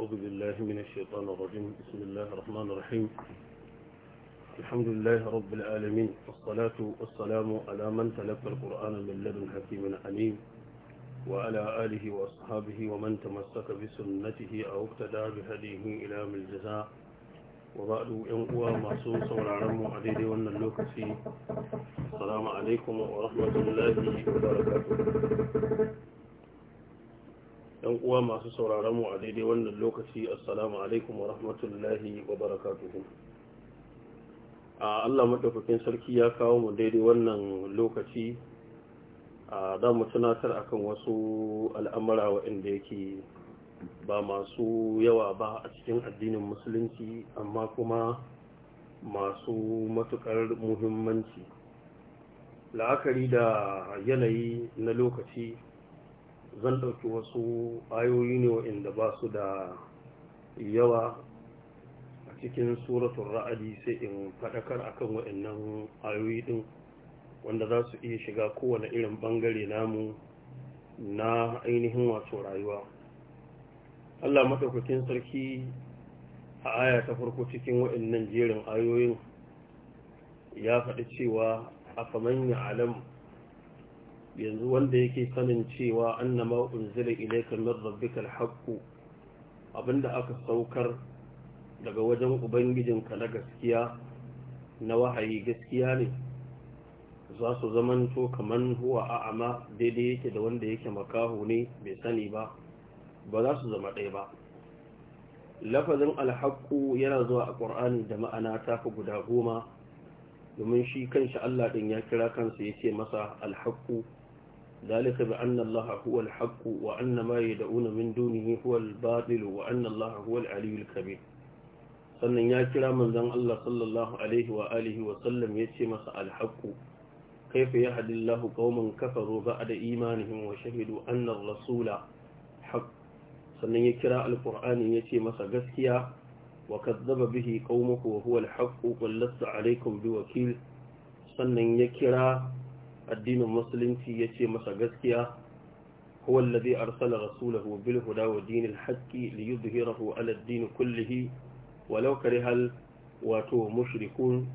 أعوذ بالله من الشيطان الرجيم بسم الله الرحمن الرحيم الحمد لله رب العالمين والصلاة والسلام على من تلقى القرآن من لدن حكيم عليم وعلى آله وأصحابه ومن تمسك بسنته أو اقتدى بهديه إلى من الجزاء وبعد هو معصوص والعلم عديد والنلوك السلام عليكم ورحمة الله وبركاته ɗan uwa masu sauraron mu a daidai wannan lokaci assalamu alaikum wa rahmatullahi wa barakatuhu a Allah madaukakin sarki ya kawo mu daidai wannan lokaci a za mu tunatar akan wasu al'amura waɗanda yake ba masu yawa ba a cikin addinin musulunci amma kuma masu matuƙar muhimmanci la'akari da yanayi na lokaci zan ɗauki wasu ayoyi ne waɗanda ba su da yawa a cikin suratun ra'adi sai in faɗakar a kan waɗannan ayoyi ɗin wanda za su iya shiga kowane irin ɓangare namu na ainihin wato rayuwa allah maɗaukakin sarki a aya ta farko cikin waɗannan jerin ayoyin ya faɗi cewa a faman ya alamu yanzu wanda yake sanin cewa annama unzila ilayka min rabbikal haqq abinda aka saukar daga wajen ubangijinka na gaskiya na wahayi gaskiya ne za su zamanto kaman huwa a'ama daidai yake da wanda yake makaho ne bai sani ba ba za su zama ɗaya ba lafazin alhakku yana zuwa a ƙwar'ani da ma'ana ta fi guda goma domin shi kanshi Allah ɗin ya kira kansa ya ce masa alhaƙu ذلك بأن الله هو الحق وأن ما يدعون من دونه هو الباطل وأن الله هو العلي الكبير sannan ya kira manzon Allah sallallahu alaihi wa alihi wa sallam ya ce masa alhaqu kaifa yahdi Allahu qauman kafaru ba'da imanihim wa shahidu anna ar-rasula haqq sannan ya kira alqur'ani ce masa gaskiya wa kadzdzaba bihi qaumuhu wa huwa alhaqu qul lastu alaikum biwakil sannan ya kira addinin musulunci ya ce masa gaskiya هو الذي أرسل رسوله بالهدى ودين الحق ليظهره على kullihi كله hal wato واتو mushrikun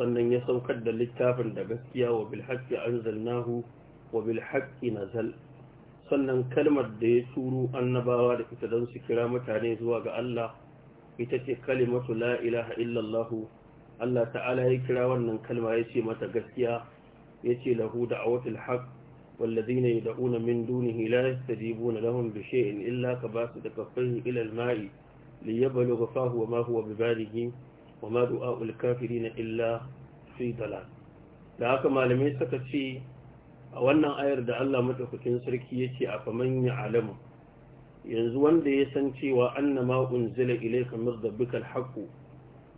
sannan ya saukar da littafin da gaskiya wa bilhaƙi anzalnahu wa bilhaƙi nazal sannan kalmar da ya turu annabawa da ita don su kira mutane zuwa ga Allah ita ce kalimatu la ilaha illallahu Allah ta'ala ya kira wannan kalma ya ce mata gaskiya yace lahu da'awatul haqq والذين يدعون من دونه لا da لهم بشيء إلا كباسط كفيه إلى الماء ليبلغ فاه وما هو بباله وما دعاء الكافرين إلا في ضلال da haka malamai suka ce a wannan ayar da Allah madaukakin sarki yace a faman ya alamu yanzu wanda ya san cewa annama unzila ilayka min rabbikal haqq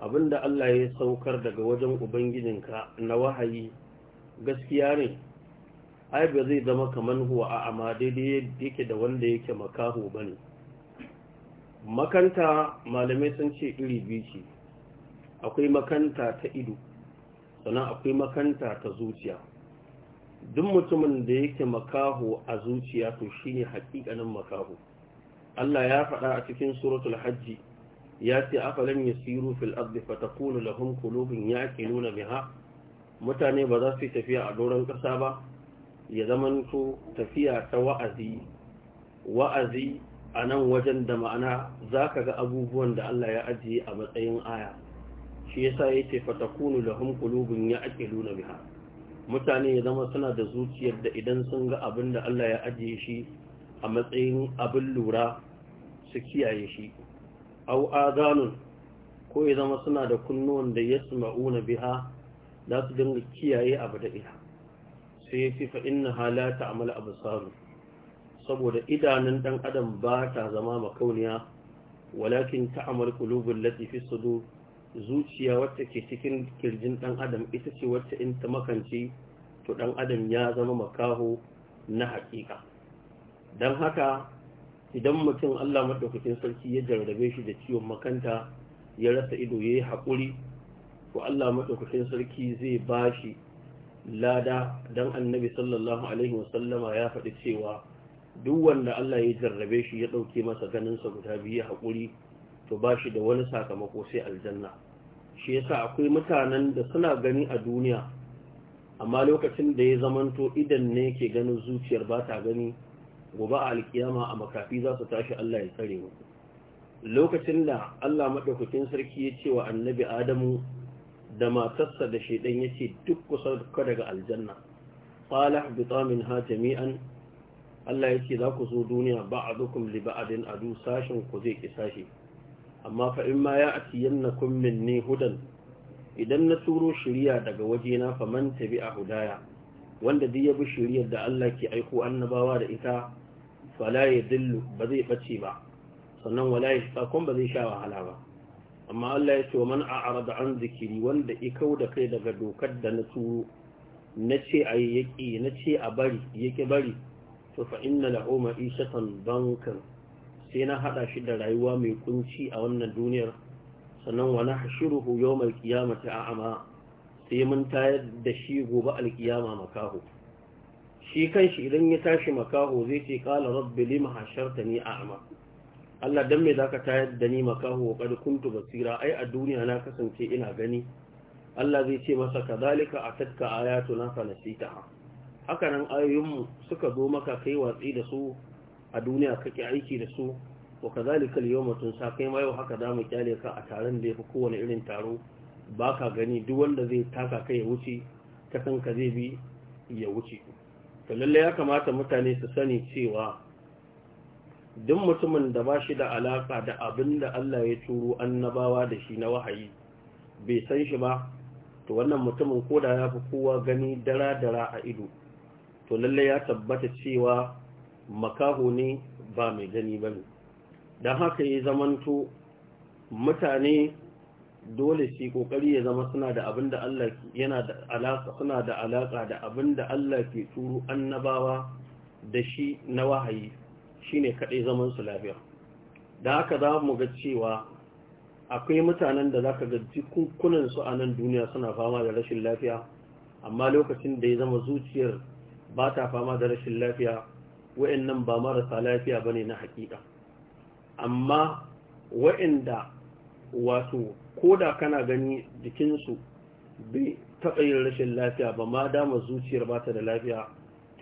abinda Allah ya saukar daga wajen ubangijinka na wahayi gaskiya ne ai ba zai zama kamar huwa a amma daidai yake da wanda yake makaho ba ne makanta malamai sun ce iri biyu ce akwai makanta ta ido sannan akwai makanta ta zuciya duk mutumin da yake makaho a zuciya to shine hakikanin makaho Allah ya faɗa a cikin suratul hajji ya ce afalan yasiru fil ardi kulubin lahum qulubun yaqiluna biha mutane ba za su yi tafiya a doron ƙasa ba ya zamanto tafiya ta wa'azi wa'azi a nan wajen da ma'ana za ka ga abubuwan da Allah ya ajiye a matsayin aya shi ya sa ya ce fatakunu ya ake luna biha mutane ya zama suna da zuciyar da idan sun ga abin da Allah ya ajiye shi a matsayin abin lura su kiyaye shi Au ko ya zama suna da kunnuwan da yasma'una biha za su dinga kiyaye abu da ita sai ya fa inna halata abu absaru saboda idanun dan adam ba ta zama makauniya walakin ta qulubul lati fi sudur zuciya wacce ke cikin kirjin dan adam ita ce wacce in ta makance to dan adam ya zama makaho na hakika dan haka idan mutum Allah madaukakin sarki ya jarrabe shi da ciwon makanta ya rasa ido yayi hakuri to Allah madaukakin sarki zai bashi lada dan annabi sallallahu alaihi wasallama ya faɗi cewa duk wanda Allah ya jarrabe shi ya ɗauke masa ganinsa guda biyu haƙuri to bashi da wani sakamako sai aljanna shi yasa akwai mutanen da suna gani a duniya amma lokacin da ya zamanto idan ne ke ganin zuciyar ba ta gani gobe a alkiyama a makafi za su tashi Allah ya tsare mu lokacin da Allah madaukakin sarki ya ce wa annabi Adamu da matarsa da shaidan ya ce duk kusa duka daga aljanna ƙala bita min ha jami'an Allah ya ce za ku zo duniya ba a dukkan liba'adin adu sashen ku zai ki sashe amma fa in ma ya ati yanna ne hudan idan na turo shiriya daga wajena fa man tabi a hudaya wanda duk ya bi shiryar da Allah ke aiko annabawa da ita fala ya dillu ba zai bace ba sannan wala ya ba zai sha wahala ba amma Allah ya ce wa man a'rada an zikiri wanda ya kau da kai daga dokar da na turo na ce a yi na ce a bari yaƙi bari to fa inna lahu ma'ishatan bankan sai na hada shi da rayuwa mai kunci a wannan duniyar sannan wa nahshuruhu yawmal qiyamati a'ama sai mun tayar da shi gobe alkiyama makaho shi kanshi idan ya tashi makaho zai ce qala rabbi lima hashartani ama Allah dan me zaka tayar da ni makahu wa qad kuntu basira ai a duniya na kasance ina gani Allah zai ce masa kadhalika atatka ayatuna fa nasita haka nan ayoyinmu suka zo maka kai watsi da su a duniya kake aiki da su wa kadalika al-yawma tunsa kai ma yau haka mu kyale ka a taron da yafi kowane irin taro baka gani duk wanda zai taka kai ya wuce ta ka zai bi ya wuce to lalle ya kamata mutane su sani cewa duk mutumin da ba shi da alaƙa da abin da Allah ya turo annabawa da shi na wahayi bai san shi ba to wannan mutumin koda ya fi kowa gani dara-dara a ido to lalle ya tabbata cewa makaho ne ba mai gani ba ne don haka ya zamanto mutane dole shi kokari ya zama suna da abin da Allah yana da alaka suna da alaka da abin da Allah ke turo annabawa da shi na wahayi Shi ne kaɗai zaman lafiya da haka za mu ga cewa akwai mutanen da za ka ga su a nan duniya suna fama da rashin lafiya amma lokacin da ya zama zuciyar ba ta fama da rashin lafiya wa'annan ba marasa lafiya ba ne na hakika amma wa'anda wato ko da kana gani jikinsu bai taɓa yin rashin lafiya ba ma dama zuciyar ba ta da lafiya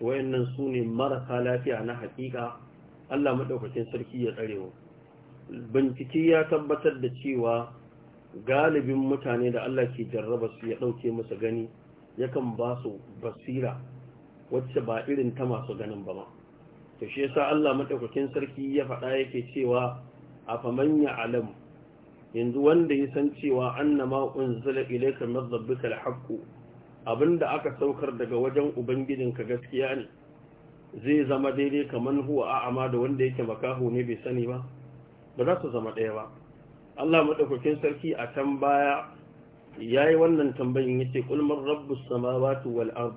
wa'annan su ne marasa lafiya na hakika Allah maɗaukakin sarki ya tsare mu bincike ya tabbatar da cewa galibin mutane da Allah ke jarraba su ya ɗauke masa gani yakan ba su basira wacce ba irin ta masu ganin ba ma to shi yasa Allah maɗaukakin sarki ya faɗa yake cewa a faman alam? yanzu wanda ya san cewa annama unzila ilayka min rabbika alhaq abinda aka saukar daga wajen ubangijinka gaskiya ne zai zama daidai kamar huwa a'ama da wanda yake makahu ne bai sani ba ba za su zama ɗaya ba Allah madaukakin sarki a can baya yayi wannan tambayin yace qul man rabbus samawati wal Ka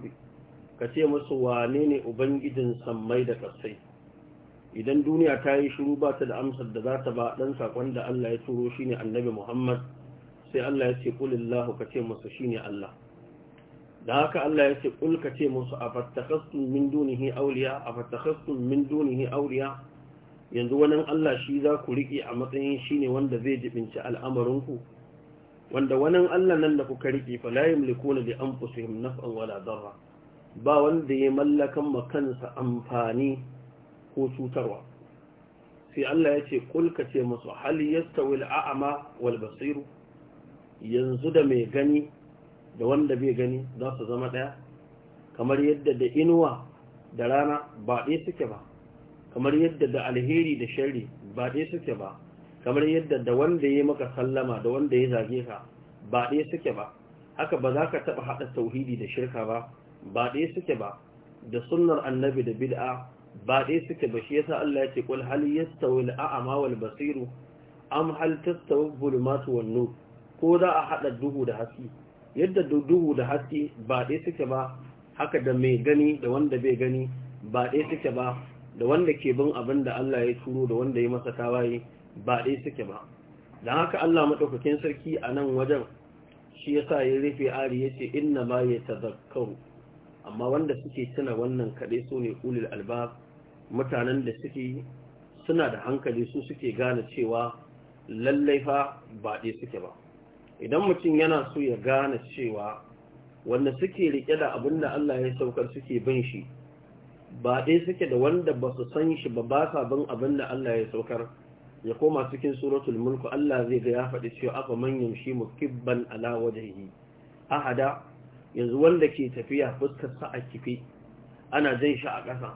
kace musu wane ne ubangijin sammai da ƙasai idan duniya ta yi shiru ba ta da amsar da za ta ba dan sakon da Allah ya turo shine annabi Muhammad sai Allah ya ce ka ce musu shine Allah da haka Allah ya ce kulka ce musu a fattakastun min dunihi auliya a fattakastun min dunihi auliya yanzu wannan Allah shi za ku riƙe a matsayin shi ne wanda zai jibinci al'amarinku wanda wannan Allah nan da kuka riƙe fa da an li anfusihim naf'an wala ba wanda ya mallakan ma kansa amfani ko cutarwa sai Allah ya ce kulka ce musu hal yastawi 'A'ama wal basiru yanzu da mai gani da wanda bai gani za su zama ɗaya kamar yadda da inuwa da rana ba ɗaya suke ba kamar yadda da alheri da shari ba ɗaya suke ba kamar yadda da wanda ya maka sallama da wanda ya zage ka ba ɗaya suke ba haka ba za ka taɓa haɗa tauhidi da shirka ba ba ɗaya suke ba da sunnar annabi da bid'a ba ɗaya suke ba shi yasa Allah ya ce kul hal yastawi al-a'ma wal basiru am hal tastawi al-zulumatu wan nur ko za a haɗa duhu da haske yadda duhu da haske ba ɗaya suke ba haka da mai gani da wanda bai gani ba ɗaya suke ba da wanda ke bin abin da Allah ya turo da wanda ya masa tawaye ba ɗaya suke ba don haka Allah maɗaukakin sarki a nan wajen shi ya sa ya rufe ari ya ce inna ma ya tazakkaru amma wanda suke tuna wannan kaɗai su ne ulil alba mutanen da suke suna da hankali su suke gane cewa lallai fa ba ɗaya suke ba idan mutum yana so ya gane cewa wanda suke rike da abin da Allah ya saukar suke bin shi ba ɗaya suke da wanda ba su san shi ba ba sa bin abin da Allah ya saukar ya koma cikin suratul mulku Allah zai ga ya faɗi cewa manyan shi mu mukibban ala wajhihi ahada yanzu wanda ke tafiya fuskar sa a kifi ana jan shi a ƙasa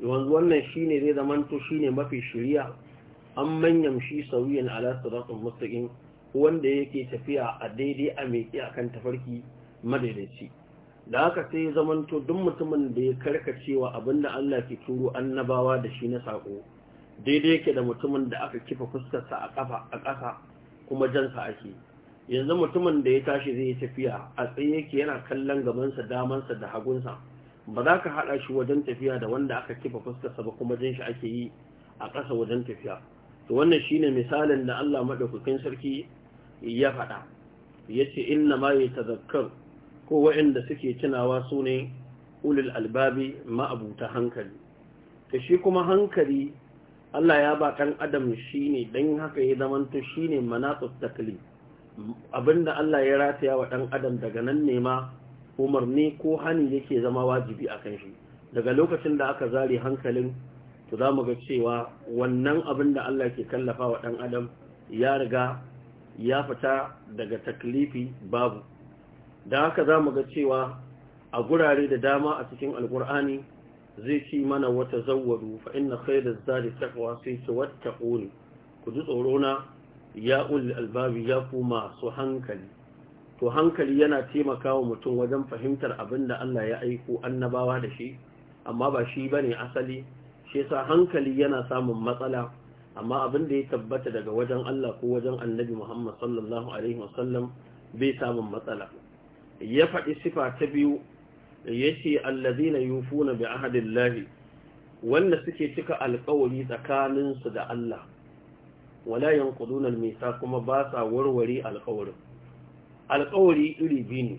yanzu wannan shine zai zamanto shine mafi shiriya an manyan shi sauyin ala siratul mustaqim wanda yake tafiya a daidai a mai akan tafarki madaidaici da haka sai zamanto duk mutumin da ya karkacewa abinda Allah ke turo annabawa da shi na sako daidai yake da mutumin da aka kifa fuskarsa a kafa a kasa kuma jansa ake yanzu mutumin da ya tashi zai yi tafiya a tsaye yake yana kallon gabansa damansa da hagunsa ba za ka haɗa shi wajen tafiya da wanda aka kifa fuskarsa ba kuma jan shi ake yi a ƙasa wajen tafiya to wannan shine misalin da Allah madaukakin sarki ya faɗa ya ce inna ma yi tazakkar ko waɗanda suke tunawa su ne ulil albabi ma'abuta hankali ta shi kuma hankali Allah ya ba ɗan adam shi ne don haka ya zamanta shi ne manatsus takli abinda Allah ya rataya wa ɗan adam daga nan ne ma umarni ko hani yake zama wajibi a kan shi daga lokacin da aka zare hankalin to zamu ga cewa wannan abin da Allah ke kallafa wa ɗan adam ya riga ya fita daga taklifi babu da haka za mu ga cewa a gurare da dama a cikin alkur'ani zai ci mana wata zawwaru fa inna khayra zadi taqwa sai ce wattaquni ku ji tsoro na ya ul albabi ya ku masu hankali to hankali yana taimakawa mutum wajen fahimtar abin da Allah ya aiko annabawa da shi amma ba shi bane asali shi yasa hankali yana samun matsala amma abin da ya tabbata daga wajen Allah ko wajen annabi Muhammad sallallahu alaihi wasallam bai samun matsala ya faɗi sifa ta biyu ya ce allazina yufuna bi ahadillahi wanda suke cika alkawari tsakaninsu da Allah wala yanquduna Misa kuma ba sa warware alkawarin alkawari iri biyu ne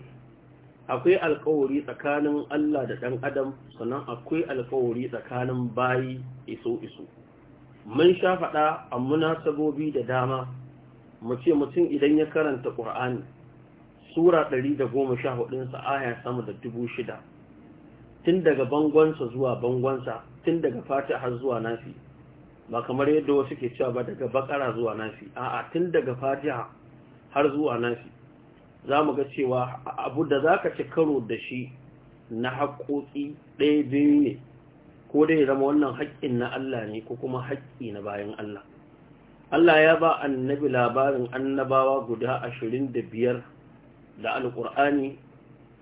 akwai alkawari tsakanin Allah da ɗan adam sannan akwai alkawari tsakanin bayi iso iso mun sha faɗa a munasabobi da dama mu ce mutum idan ya karanta ƙur'ani sura 114 sa aya sama da 6000 tun daga bangonsa zuwa bangonsa tun daga fatiha har zuwa nafi ba kamar yadda wasu ke cewa ba daga bakara zuwa nafi a'a tun daga fatiha har zuwa nafi za mu ga cewa abu da za ka ci karo da shi na haƙoƙi ɗaya biyu ne ko dai zama wannan haƙƙin na Allah ne ko kuma haƙƙi na bayan Allah Allah ya ba annabi labarin annabawa guda ashirin da biyar da alƙur'ani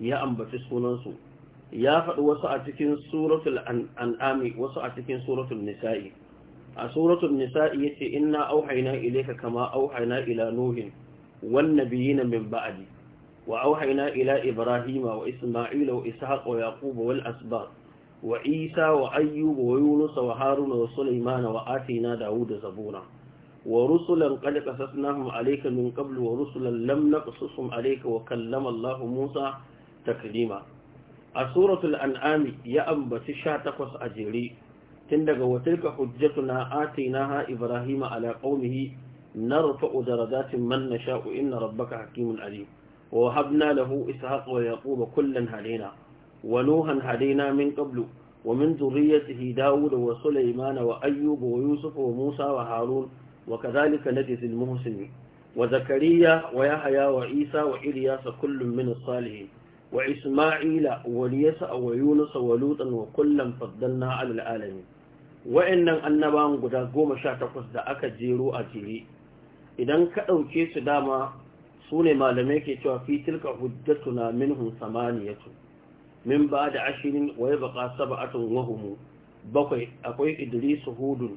ya ambaci sunansu ya faɗi wasu a cikin suratul an'ami wasu a cikin suratul nisa'i a suratul nisa'i yace inna auhaina ilayka kama auhaina ila nuhin wan nabiyina min ba'di wa auhaina ila ibrahima wa isma'ila wa ishaqa wa yaquba wal asbab wa isa wa ayyuba wa yunus wa haruna wa sulaimana wa atina dawuda zabura wa rusulan qad qasasnahum alayka min qablu wa rusulan lam naqsushum alayka wa kallama Allah Musa taklima a suratul an'ami ya ambaci 18 a jere tun daga watilka hujjatuna atainaha ibrahima ala qaumihi narfa'u darajatin man nasha'u inna rabbaka hakimun alim wa habna lahu ishaqa wa yaquba kullan hadaina ونوحا هدينا من قبل ومن ذريته داود وسليمان وأيوب ويوسف وموسى وهارون وكذلك نجزي المحسنين وزكريا ويحيى وعيسى وإلياس كل من الصالحين وإسماعيل وليسع ويونس ولوطا وكلا فضلنا على العالمين وإن النبان قد قوم شاتقص دا أكجيرو أجيري إذن كأوكي سداما سوني ما لميكي توفي تلك حجتنا منهم ثمانية min ba da ashirin wa ya saba atun wahumu bakwai akwai idris hudun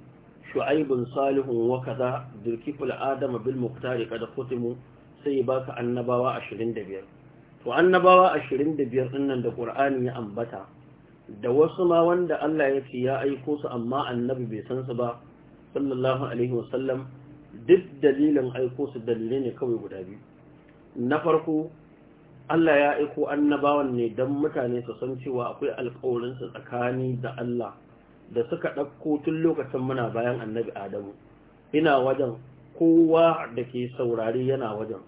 shu'aibun salihun wa kaza dirkiful adama bil muktari kada kutimu sai baka annabawa ashirin da biyar to annabawa ashirin da biyar da ƙur'ani ya ambata da wasu ma wanda Allah ya ce ya aiko su amma annabi bai san su ba sallallahu alaihi wasallam duk dalilin aiko su dalilai ne kawai guda biyu na farko Allah ya aiko annabawan ne don mutane su san cewa akwai su tsakani da Allah da suka ɗauko tun lokacin muna bayan annabi Adamu. Ina wajen kowa da ke saurari yana wajen.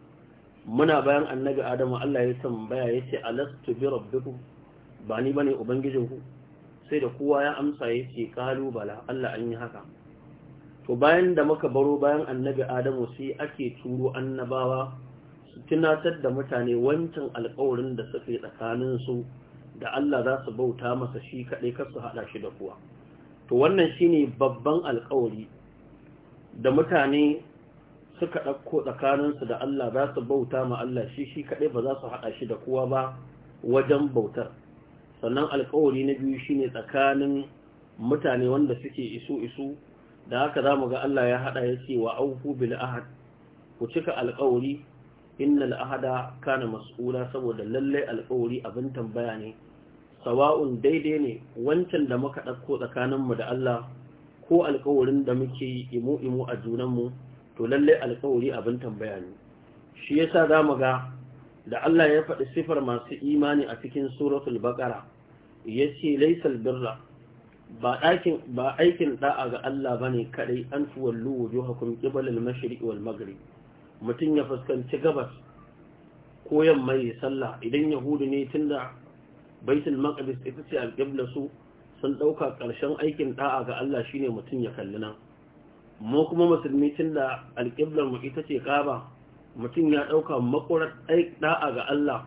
Muna bayan annabi Adamu Allah ya tambaya ya ce alastu bi rabbikum ba ni bane ku sai da kowa ya amsa ya ce kalu bala Allah an yi haka. To bayan da muka baro bayan annabi Adamu sai ake turo annabawa tunatar da mutane wancan alkawarin da suke tsakanin su da Allah za su bauta masa shi kaɗai kar su haɗa shi da kuwa to wannan shine babban alkawari da mutane suka ɗauko tsakaninsu da Allah za su bauta ma Allah shi shi kaɗai ba za su haɗa shi da kuwa ba wajen bautar sannan alkawari na biyu shine tsakanin mutane wanda suke isu isu da haka za mu ga Allah ya haɗa ya ce wa aufu bil ahad ku cika alkawari innal ahada kana mas'ula saboda lallai alƙawari abin tambaya ne sawa'un daidai ne wancan da muka ɗauko tsakaninmu da Allah ko alƙawarin da muke yi imu imu a junanmu to lallai alƙawari abin tambaya ne shi yasa za mu ga da Allah ya faɗi sifar masu imani a cikin suratul ya ce laisal birra ba aikin ba da'a ga Allah bane kadai an tuwallu wujuhakum qibala al wal maghrib mutum ya fuskanci gabas ko yamma ya sallah idan yahudu ne da baitul maqdis ita ce alqibla su sun ɗauka karshen aikin ɗa'a ga Allah ne mutum ya kalli nan mu kuma musulmi tunda alqiblar mu ita ce ƙaba, mutum ya ɗauka makurar ɗa'a ga Allah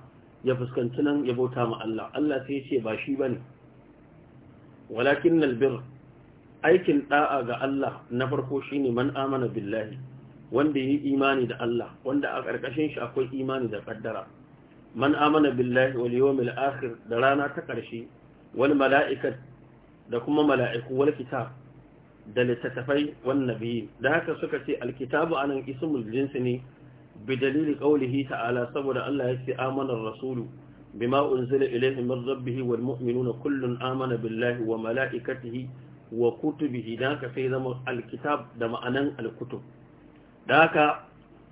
ya fuskanci nan ya bauta ma Allah Allah sai ya ce ba shi bane walakin albir aikin ɗa'a ga Allah na farko shine man amana billahi wanda yi imani da Allah wanda a ƙarƙashin shi akwai imani da ƙaddara man amana billahi wal yawmil akhir da rana ta ƙarshe wal mala'ikat da kuma mala'iku wal kitab da littattafai wan nabiyyi da haka suka ce al anan ismul jinsi ne bi dalili qawlihi ta'ala saboda Allah ya ce amana rasulu bima unzila ilayhi min rabbih wal mu'minuna kullun amana billahi wa mala'ikatihi wa kutubihi da haka sai zama alkitab da ma'anan al kutub da haka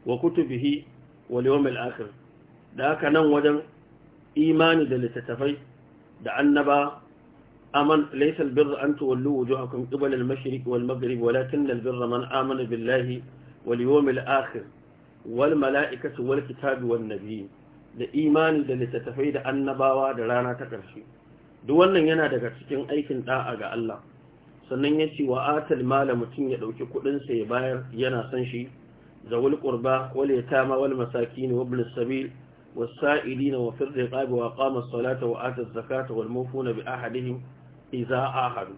wa kutubihi wal yawmil akhir da haka nan wajen imani da littattafai da annaba aman laysa albirru an tuwallu wujuhakum qibala al-mashriq wal maghrib walakin albirra man amana billahi wal yawmil akhir wal mala'ikatu wal kitabi wan nabiyyi da imani da littattafai da annabawa da rana ta ƙarshe duk wannan yana daga cikin aikin da'a ga Allah sannan ya ce wa atal mutum ya ɗauki kuɗinsa ya bayar yana son shi zawul ƙurba wale ta ma wal masaki ne wa bulisabil wa na wa firɗe ƙabi wa ƙamar salata wa atar zakata wal mafu na bi ahadihim iza ahadu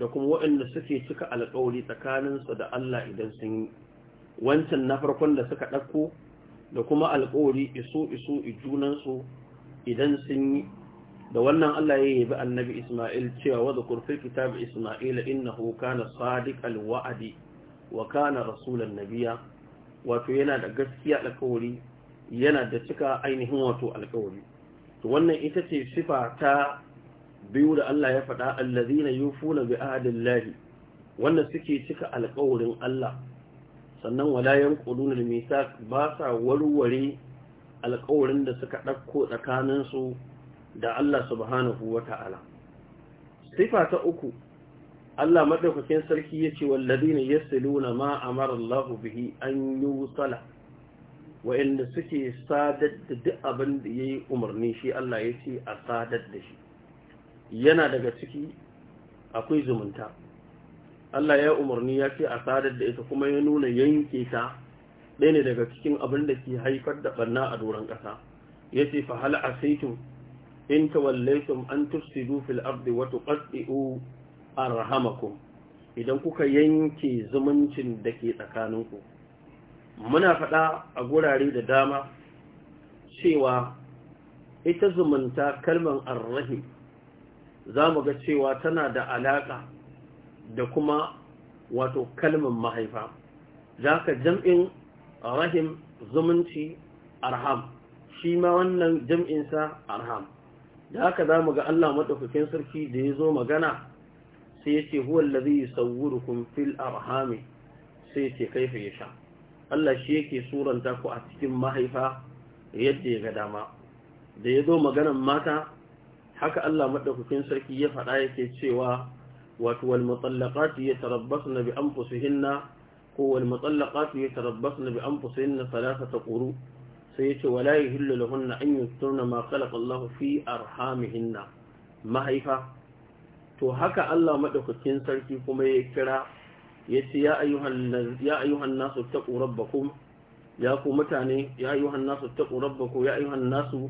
da kuma waɗanda suke cika alƙawari tsakaninsu da allah idan sun yi wancan na farkon da suka ɗauko da kuma alƙawari isu isu i junansu idan sun yi da wannan Allah ya yabi annabi Ismail cewa wa zakur fi kitab Ismail innahu kana sadiqal wa'di wa kana rasulan nabiyya wato yana da gaskiya alƙawari yana da cika ainihin wato alƙawari to wannan ita ce sifa ta biyu da Allah ya faɗa allazina yufuna bi ahdillahi wanda suke cika alƙawarin Allah sannan wala yanquduna al-mithaq ba sa warware alƙawarin da suka ɗauko tsakaninsu da Allah subhanahu wa ta'ala. Sifa ta uku, Allah maɗaukakin sarki ya ce, Wallazi ne ya siluna ma a marallahu bihi an yi wutsala, wa'inda suke sadar da duk abin da ya yi umarni shi Allah ya ce a sadar da shi. Yana daga ciki akwai zumunta. Allah ya umarni ya ce a sadar da ita kuma ya nuna yanke ta ɗaya ne daga cikin abin da ke haifar da ɓanna a doron ƙasa. Ya ce, Fahala a saitun in tawallaytum an tusidu fil ardi wa tuqaddu arhamakum idan kuka yanke zumuncin da ke tsakaninku muna faɗa a gurare da dama cewa ita zumunta kalmar arrahim za mu ga cewa tana da alaƙa da kuma wato kalmar mahaifa za ka jam'in rahim zumunci arham shi ma wannan jam'insa arham da haka za mu ga Allah madaukakin sarki da ya zo magana sai ya ce huwa allazi yusawwirukum fil arhami sai ya ce kaifa yasha Allah shi yake suranta ku a cikin mahaifa yadda ya ga dama da ya zo maganan mata haka Allah madaukakin sarki ya faɗa yake cewa wato wal mutallaqati yatarabbasna bi anfusihinna ko wal mutallaqati yatarabbasna bi anfusihinna ta quru' sai yace wala yahillu lahunna an yusturna ma khalaqa Allah fi arhamihinna mahaifa to haka Allah maɗaukakin sarki kuma ya kira ya ce ya ayyuhan nasu taqu rabbakum ya ku mutane ya ayyuhan nasu taqu rabbakum ya ayyuhan nasu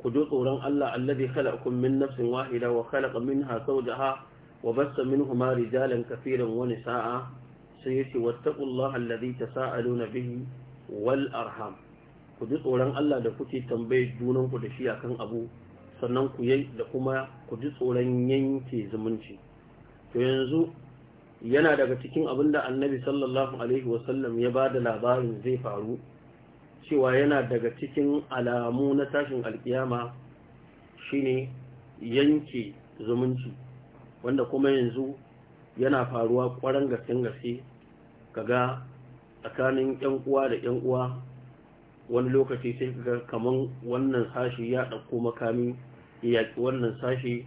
ku ji tsoron Allah alladhi khalaqakum min nafsin wahida wa khalaqa minha zawjaha wa bassa minhuma rijalan katiran wa nisaa sai yace wattaqullaha alladhi tasaaluna bihi wal arham ku ji tsoron Allah da kuke tambaye junan ku da shi akan abu sannan ku yi da kuma ku ji tsoron yanke zumunci to yanzu yana daga cikin abin da annabi sallallahu alaihi wasallam ya ba da labarin zai faru cewa yana daga cikin alamu na tashin alkiyama shine yanke zumunci wanda kuma yanzu yana faruwa kwaran gaske gaske kaga tsakanin yan uwa da yan uwa wani lokaci sai ga kaman wannan sashi ya ɗauko makami ya wannan sashi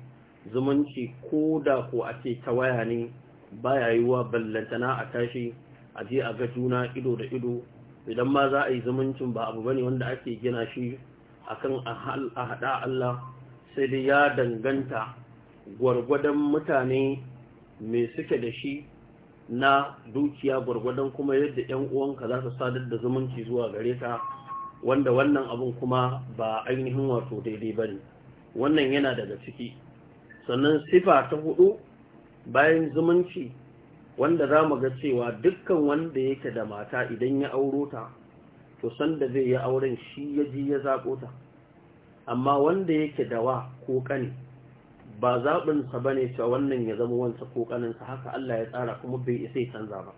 zumunci ko da ko a ce ta waya ne ba ya baya wa ballantana a tashi a je a ga juna ido da ido idan ma za a yi zumuncin ba abu bane wanda ake gina shi akan a haɗa Allah sai dai ya danganta gwargwadon mutane mai suke da shi na dukiya gwargwadon kuma yadda 'yan uwanka za su sadar da zumunci zuwa gare ta. wanda wannan abun kuma ba ainihin wato daidai ba ne wannan yana daga ciki sannan sifa ta hudu bayan zumunci wanda za mu ga cewa dukkan wanda yake da mata idan ya auro ta to sanda zai yi auren shi ya ji ya zaɓo ta amma wanda yake da wa ko kani ba zaɓinsa ba ne cewa wannan ya zama wansa ko ƙaninsa haka Allah ya tsara kuma bai isa canza ba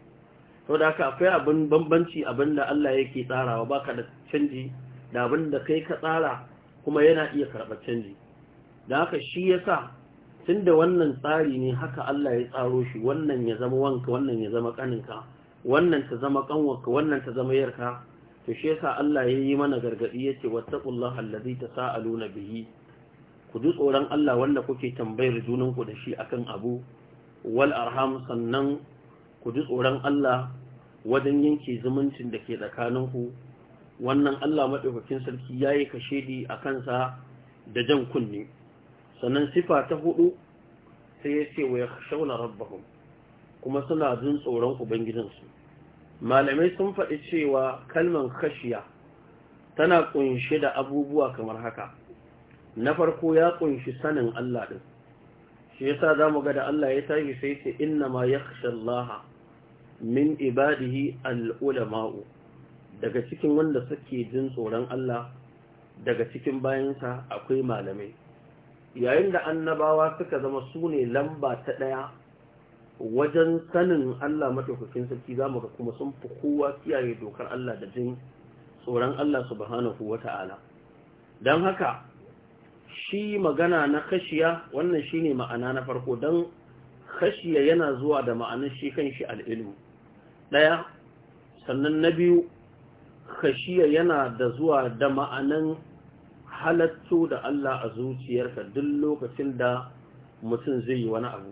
to da haka akwai abin bambanci abin da Allah yake tsarawa baka da canji da abin da kai ka tsara kuma yana iya karɓar canji da haka shi ya sa tun da wannan tsari ne haka Allah ya tsaro shi wannan ya zama wanka wannan ya zama ƙaninka wannan ta zama ƙanwarka wannan ta zama yarka to shi ya sa Allah ya yi mana gargaɗi ya ce wattaƙullah allazi ta na bihi ku ji tsoron Allah wanda kuke tambayar junan ku da shi akan abu wal arham sannan ku ji tsoron Allah wajen yanke zumuncin da ke tsakaninku wannan Allah maɗaukakin sarki ya yi kashedi a kansa da jan kunni sannan sifa ta hudu sai ya ce wa ya shauna rabbahum kuma suna jin tsoron ubangijinsu malamai sun faɗi cewa kalman kashiya tana ƙunshe da abubuwa kamar haka na farko ya ƙunshi sanin Allah ɗin shi sa za mu ga da Allah ya tashi sai ce inna ma ya min ibadihi al'ulama'u daga cikin wanda suke jin tsoron Allah daga cikin bayansa akwai malamai yayin da annabawa suka zama su ne lamba ta ɗaya wajen sanin Allah mataimakin sarki za mu ga kuma sun fi kowa kiyaye dokar Allah da jin tsoron Allah subhanahu ta'ala don haka shi magana na kashiya wannan shi ne ma'ana na farko don kashiya yana zuwa da ma'anar shi kan shi alilu ɗaya sannan na biyu Kashiya yana da zuwa da ma'anan halatto da Allah a zuciyarka duk lokacin da mutum zai yi wani abu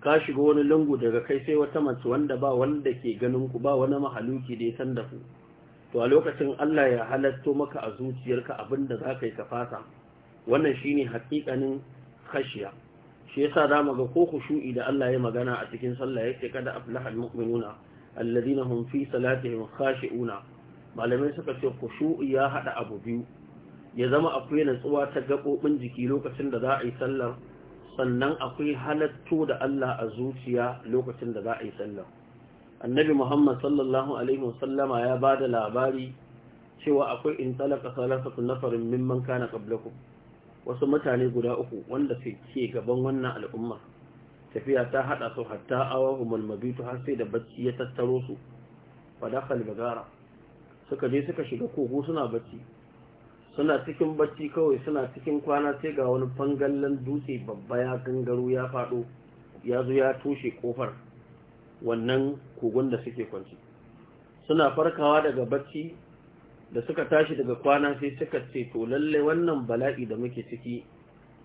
ka shiga wani lungu daga kai sai wata mace wanda ba wanda ke ganin ku ba wani mahaluki da ya san da ku to a lokacin Allah ya halatto maka a zuciyarka abinda za ka yi ka fasa wannan shine hakikanin kashiya. shi yasa za mu ga ko khushu'i da Allah ya magana a cikin sallah yake kada aflahal mu'minuna alladhina hum fi salatihim khashi'una malamai suka ce shu'u ya hada abu biyu ya zama akwai natsuwa ta gabobin jiki lokacin da za a yi sallar sannan akwai halatto da Allah a zuciya lokacin da za a yi sallar annabi muhammad sallallahu alaihi wasallama ya ba da labari cewa akwai in talaka na nafarin mimman kana qablakum wasu mutane guda uku wanda ke gaban wannan al'umma tafiya ta hada su hatta awahumul mabitu har sai da bacci ya tattaro su fa dakhal bagara suka je suka shiga kogo suna bacci suna cikin bacci kawai suna cikin kwana sai ga wani fangallan dutse babba ya gangaro ya faɗo ya zo ya toshe kofar wannan kogon da suke kwanci suna farkawa daga bacci da suka tashi daga kwana sai suka ce to lalle wannan bala'i da muke ciki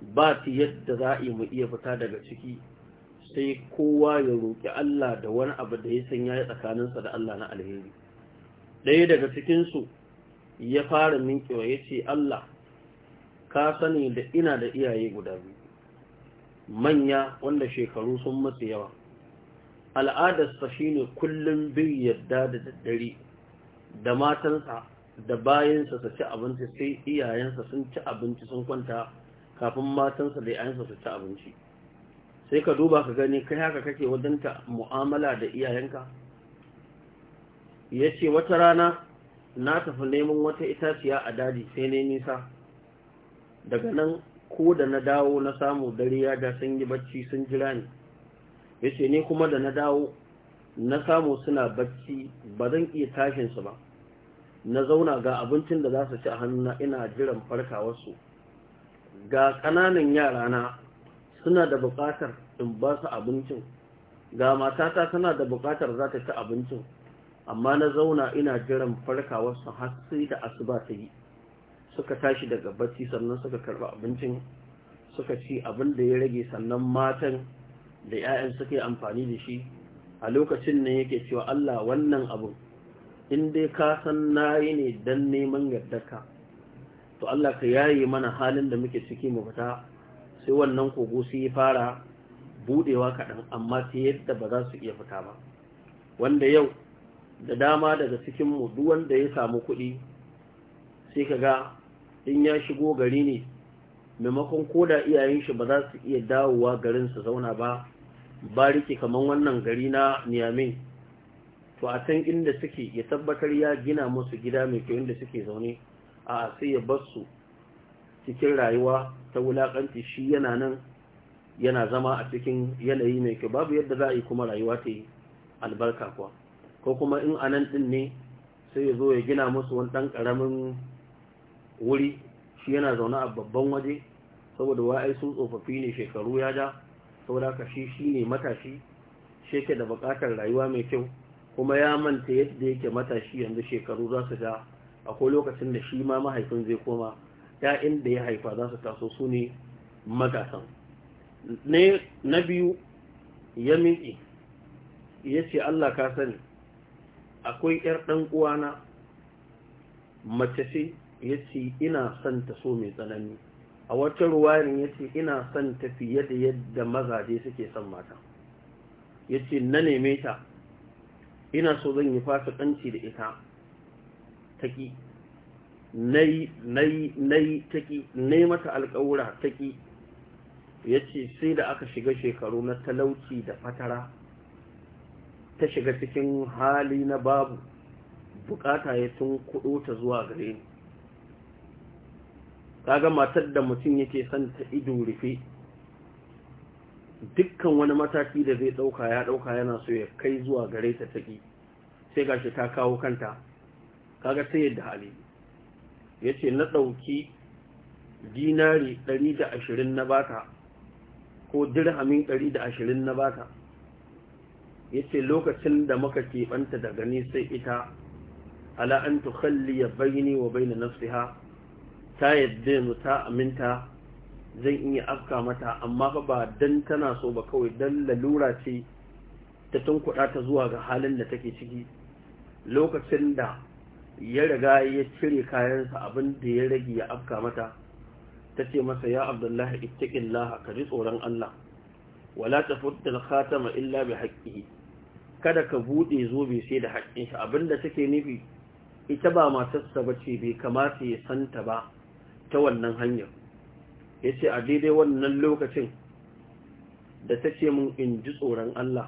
ba ta yadda za a mu iya fita daga ciki sai kowa ya roƙi Allah da wani abu da ya sanya ya tsakaninsa da Allah na alheri ɗaya daga cikinsu ya fara minkewa ya ce Allah ka sani da ina da iyaye guda biyu manya wanda shekaru sun matsi yawa al'adarsa shine kullum bin yadda da daddare da matansa da bayansa su ci abinci sai iyayensa sun ci abinci sun kwanta kafin matansa da 'ya'yansa su ci abinci sai ka duba ka gani kai haka kake wajenta mu'amala da iyayenka ya ce wata rana na tafi neman wata itaciya a daji sai ne nisa daga nan ko da na dawo na samu dare ya da sun yi bacci sun jira ni ya ce ne kuma da na dawo na samu suna bacci ba zan iya tashinsu ba na zauna ga abincin da za su ci a hannuna ina jiran farkawarsu ga ƙananan yarana suna da buƙatar in ba su abincin ga matata suna da buƙatar za ta ci abincin amma na zauna ina jiran farka har sai da asuba ta yi suka tashi daga bacci sannan suka karba abincin suka ci abin da ya rage sannan matan da 'ya'yan suka yi amfani da shi a lokacin ne yake cewa Allah wannan abin in dai ka san nayi ne dan neman yardarka to Allah ka yaye mana halin da muke ciki mu fita sai wannan kogo sai ya fara budewa kaɗan amma ta yadda ba za su iya fita ba wanda yau da dama daga cikin mu duk wanda ya samu kuɗi sai ka ga in ya shigo gari ne maimakon koda iyayen shi ba za su iya dawowa garin su zauna ba bariki kamar wannan gari na Niamey to a can inda suke ya tabbatar ya gina musu gida mai kyau inda suke zaune a sai ya bar su cikin rayuwa ta wulakanci shi yana nan yana zama a cikin yanayi mai kyau babu yadda za a yi kuma rayuwa ta yi albarka kuwa ko kuma in anan din ne sai ya zo ya gina musu wani ɗan ƙaramin wuri shi yana zaune a babban waje saboda wa'ai sun tsofaffi ne shekaru ya ja saboda haka shi shi ne matashi shi yake da buƙatar rayuwa mai kyau kuma ya manta yadda yake matashi yanzu shekaru za su ja akwai lokacin da shi ma mahaifin zai koma ‘ya'yan da ya haifa za su taso su ne matasan na biyu ya miƙi ya ce Allah ka sani akwai ‘yar ɗan uwana mace ce ya ce ina son ta so mai tsanani a wata ruwayar ya ce ina son ta fiye da yadda mazaje suke son mata ya ce na neme ta ina so zan yi fasikanci da ita taƙi na yi taƙi na yi mata alƙawura taƙi ya ce sai da aka shiga shekaru na talauci da fatara ta shiga cikin hali na babu bukata ya tun kudu ta zuwa gare ni kaga matar da mutum yake son ta ido rufe dukkan wani mataki da zai dauka ya dauka yana so ya kai zuwa gare ta taki sai gashi ta kawo kanta kaga sai yadda hali yace na dauki dinari 120 na bata ko dirhamin 120 na bata yace lokacin da muka kebanta daga ni sai ita ala an tukhalliya bayni wa bayna nafsiha ta yadda mu ta aminta zan iya afka mata amma fa ba dan tana so ba kawai dan lalura ce ta tunkuɗa ta zuwa ga halin da take ciki lokacin da ya riga ya cire kayansa abin da ya rage ya afka mata ta ce masa ya abdullahi ittaqillaha ka ji tsoron Allah wala tafutta na khatama illa bi haqqihi kada ka bude zobe sai da hakkin shi abinda take nufi ita ba matarsa bace bai kamata ya santa ba ta wannan hanyar yace a daidai wannan lokacin da ta ce mun in ji tsoron Allah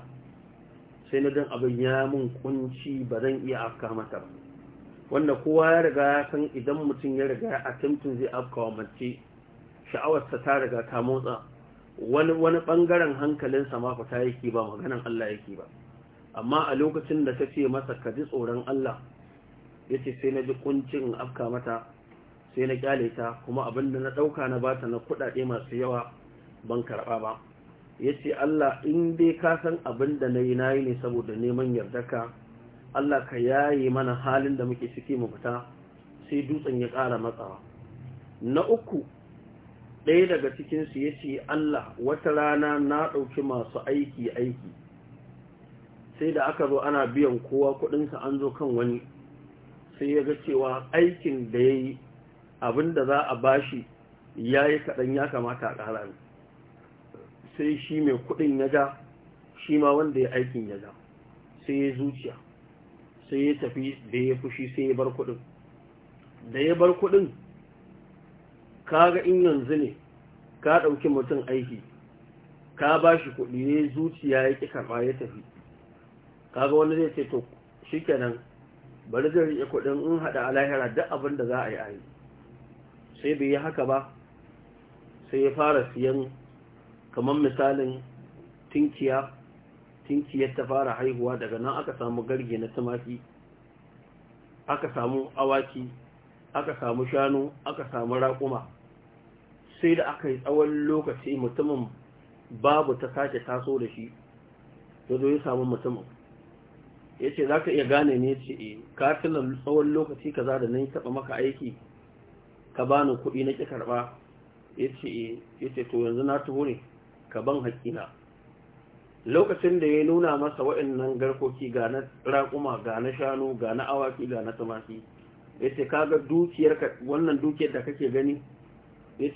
sai na dan abin ya mun kunci ba zan iya afka mata ba wanda kowa ya riga ya san idan mutum ya riga a tuntun zai afka wa mace sha'awarsa ta riga ta motsa wani wani bangaren hankalinsa ma fata yake ba maganan Allah yake ba amma a lokacin da ta ce masa ka ji tsoron Allah ya ce sai na ji kuncin afka mata sai na kyale ta kuma abinda na ɗauka na bata na kuɗaɗe masu yawa ban karɓa ba ya ce Allah in dai ka san abinda na yi na yi ne saboda neman yardarka Allah ka yaye mana halin da muke ciki mu fita sai dutsen ya ƙara matsawa na uku ɗaya daga cikinsu ya ce Allah wata rana na ɗauki masu aiki aiki sai da aka zo ana biyan kowa kuɗinsa an zo kan wani sai ya ga cewa aikin da ya yi abin za a bashi ya yi kaɗan ya kamata a ƙara ne sai shi mai kuɗin ya ga shi ma wanda ya aikin ya ga sai ya zuciya sai ya tafi da ya fushi sai ya bar kuɗin da ya bar kuɗin Ka ga in yanzu ne ka ɗauki mutum aiki ka ba shi kuɗi ne zuciya ya ƙi karɓa ya tafi Ka ga wani zai ce to shi kenan bari zai riƙe kuɗin in haɗa a lahira duk abin da za a yi a yi sai bai yi haka ba sai ya fara siyan kamar misalin tinkiya tinkiyar ta fara haihuwa daga nan aka samu garge na tumaki aka samu awaki aka samu shanu aka samu raƙuma sai da aka yi tsawon lokaci mutumin babu ta sake taso da shi ya ya samu mutumin ya ce za ka iya gane ne ce e tsawon lokaci kaza da nan taɓa maka aiki ka bani kuɗi na ƙi karɓa ya ce eh. ya ce to yanzu na tuho ne ka ban haƙƙina lokacin da ya nuna masa waɗannan garkoki ga na raƙuma ga na shanu ga na awaki ga na tumaki ya ce ka ga dukiyar wannan dukiyar da kake gani ya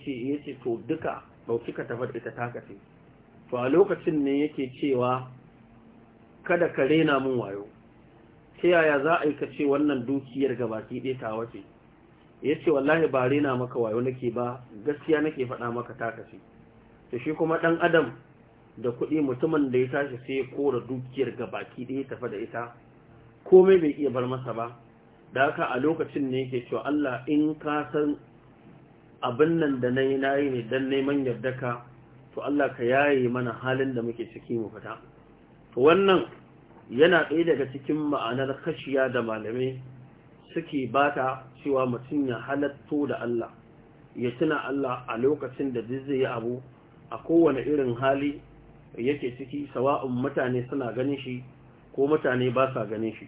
ce to duka ɗauki ka tafi ita takasi to a lokacin ne yake cewa kada ka rena min wayo ta yaya za a yi ka ce wannan dukiyar ga baki ɗaya ta wace ya ce wallahi ba rena maka wayo nake ba gaskiya nake faɗa maka takasi ce to shi kuma ɗan adam da kuɗi mutumin da ya tashi sai ya kora dukiyar ga baki ɗaya ta da ita komai bai iya bar masa ba da haka a lokacin ne yake cewa Allah in ka san abin nan da na yi na yi ne don neman yardaka to Allah ka yaye mana halin da muke ciki mu fita to wannan yana ɗaya daga cikin ma'anar kashiya da malamai suke bata cewa mutum ya halatto da Allah ya tuna Allah a lokacin da duk zai yi abu a kowane irin hali yake ciki sawa'un mutane suna ganin shi ko mutane ba sa ganin shi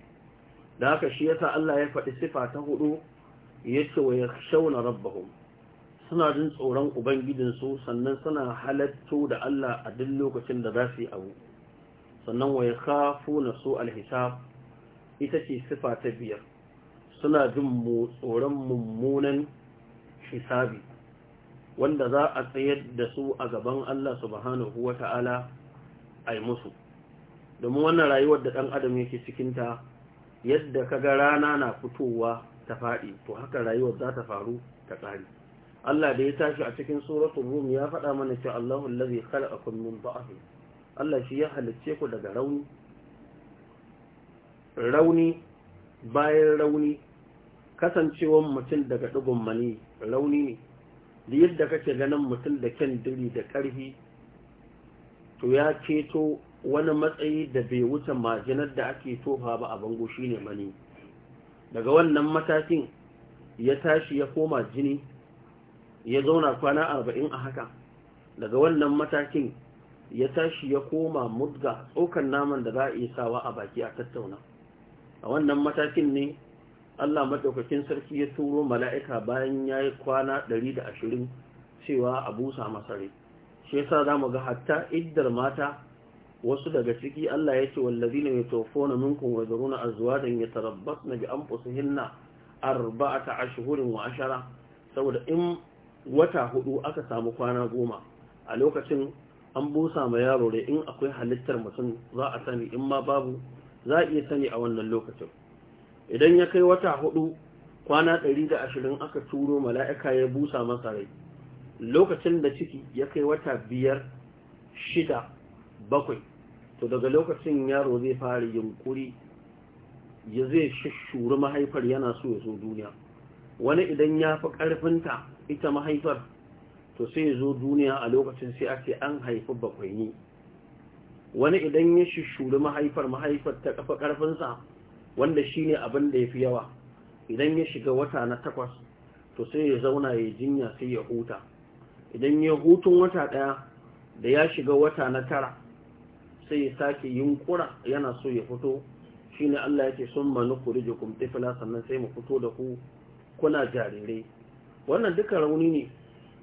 da haka shi yasa Allah ya faɗi sifa ta hudu yace wa shauna rabbahum suna jin tsoron ubangijinsu sannan suna halatto da Allah a duk lokacin da za su yi abu sannan wai kafu na su alhisab ita ce sifa ta biyar suna jin tsoron mummunan hisabi wanda za a tsayar da su a gaban Allah subhanahu wa ai musu domin wannan rayuwar da ɗan adam yake cikin ta yadda kaga rana na fitowa ta faɗi to haka rayuwar za ta faru ta tsari Allah da ya tashi a cikin suratul rum ya faɗa mana cewa Allahu allazi khalaqakum min da'f Allah shi ya halicce ku daga rauni rauni bayan rauni kasancewan mutum daga dugun mani rauni ne da yadda kake ganin mutum da kyan diri da ƙarfi to ya keto wani matsayi da bai wuce majinar da ake tofa ba a bango shine mani daga wannan matakin ya tashi ya koma jini ya zauna kwana arba'in a haka daga wannan matakin ya tashi ya koma mudga tsokan naman da za a iya sawa a baki a tattauna a wannan matakin ne Allah maɗaukakin sarki ya turo mala'ika bayan ya yi kwana ɗari da ashirin cewa a busa masare shi yasa za mu ga hatta iddar mata wasu daga ciki Allah ya ce wallazi ne ya tofo na minkun wa na a don ya tarabbas na bi an fusuhinna arba'ata ashirin wa ashara saboda in wata hudu aka samu kwana goma a lokacin an busa ma yaro da in akwai halittar mutum za a sani in ma babu za a iya sani a wannan lokacin idan ya kai wata hudu kwana ɗari da ashirin aka turo mala'ika ya busa masa rai lokacin da ciki ya kai wata biyar shida bakwai to daga lokacin yaro zai fara yunkuri ya zai shuri mahaifar yana so ya zo duniya wani idan ya fi ƙarfinta ita mahaifar to sai zo duniya a lokacin sai ake an haifi ne wani idan ya shishuri mahaifar mahaifar ta kafa karfinsa wanda shi ne abin da ya fi yawa idan ya shiga wata na takwas to sai ya zauna ya jinya sai ya huta idan ya hutun wata daya da ya shiga wata na tara sai ya sake yunkura yana so ya fito shi ne Allah yake sun manu jikun tefila sannan sai mu fito da ku kuna jarirai wannan duka rauni ne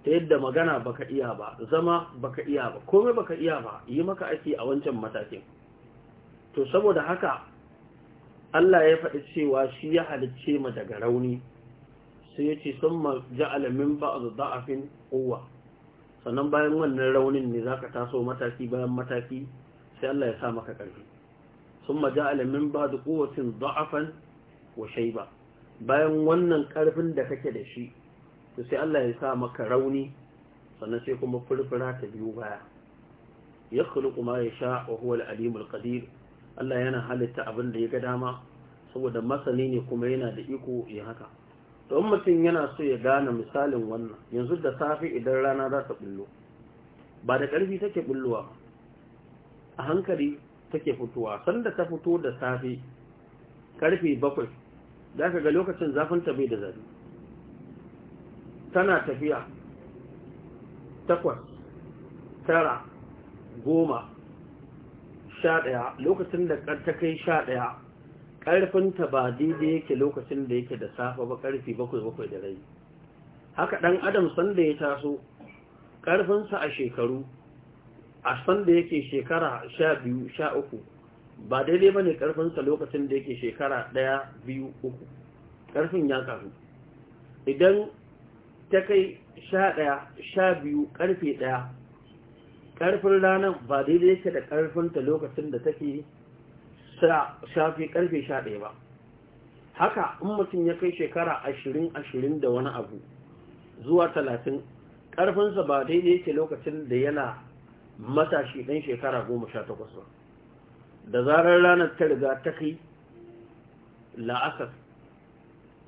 ta yadda magana baka iya ba zama baka iya ba komai baka iya ba yi maka aiki a wancan matakin to saboda haka Allah ya faɗi cewa shi ya halicce mu daga rauni sai ya ce sun ma ja'ala min a da'afin kowa sannan bayan wannan raunin ne zaka taso mataki bayan mataki sai Allah ya sa maka ƙarfi sun ma ba min ba'd quwwatin da'afan wa shaiba bayan wannan ƙarfin da kake da shi to sai Allah ya sa maka rauni sannan sai kuma furfura ta biyu baya ya khuluqu ma sha wa huwa al-alimul Allah yana halitta abin da ya ga dama saboda masani ne kuma yana da iko ya haka don mutum yana so ya gane misalin wannan yanzu da safe idan rana za ta bullo ba da ƙarfi take bulluwa a hankali take fitowa sanda ta fito da safe karfe bakwai za ka ga lokacin zafin ta bai da zafi tana tafiya takwas tara goma sha ɗaya lokacin da ta kai sha ɗaya ƙarfinta ba daidai yake lokacin da yake da safa ba ƙarfi bakwai bakwai da rai haka ɗan adam sanda ya taso ƙarfinsa a shekaru a sanda yake shekara sha biyu sha uku ba daidai ba ne ƙarfinsa lokacin da yake shekara ɗaya biyu uku ƙarfin ya ƙaru idan ta kai sha ɗaya sha biyu ƙarfe ɗaya ƙarfin ranar ba daidai yake da ƙarfinta lokacin da take shafi ƙarfe sha ɗaya ba haka in mutum ya kai shekara ashirin ashirin da wani abu zuwa talatin ƙarfinsa ba daidai yake lokacin da yana matashi ɗan shekara goma sha takwas ba da zarar ranar ta riga ta kai la'asar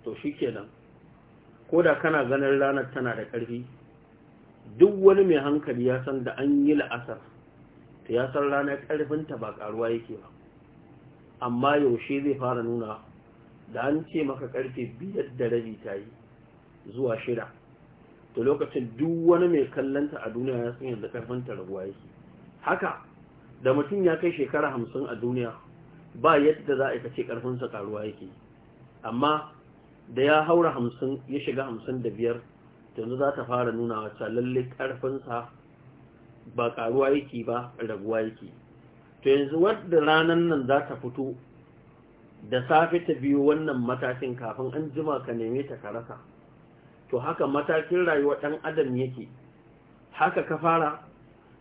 to shi kenan ko da kana ganin ranar tana da ƙarfi duk wani mai hankali ya san da an yi la'asar ta ya san ranar ƙarfinta ba ƙaruwa yake ba amma yaushe zai fara nuna da an ce maka ƙarfe biyar da rabi ta yi zuwa shida to lokacin duk wani mai kallanta a duniya ya san yanzu ƙarfinta raguwa yake haka da mutum ya kai shekara hamsin a duniya ba yadda za a ce ƙarfinsa ƙaruwa yake amma da ya haura hamsin ya shiga hamsin da biyar yanzu za ta fara nuna wacce lalle ƙarfinsa ba karuwa yake ba raguwa yake to yanzu wadda ranar nan za ta fito da safe ta biyu wannan matakin kafin an jima ka neme ta karasa to haka matakin rayuwa ɗan adam yake haka ka fara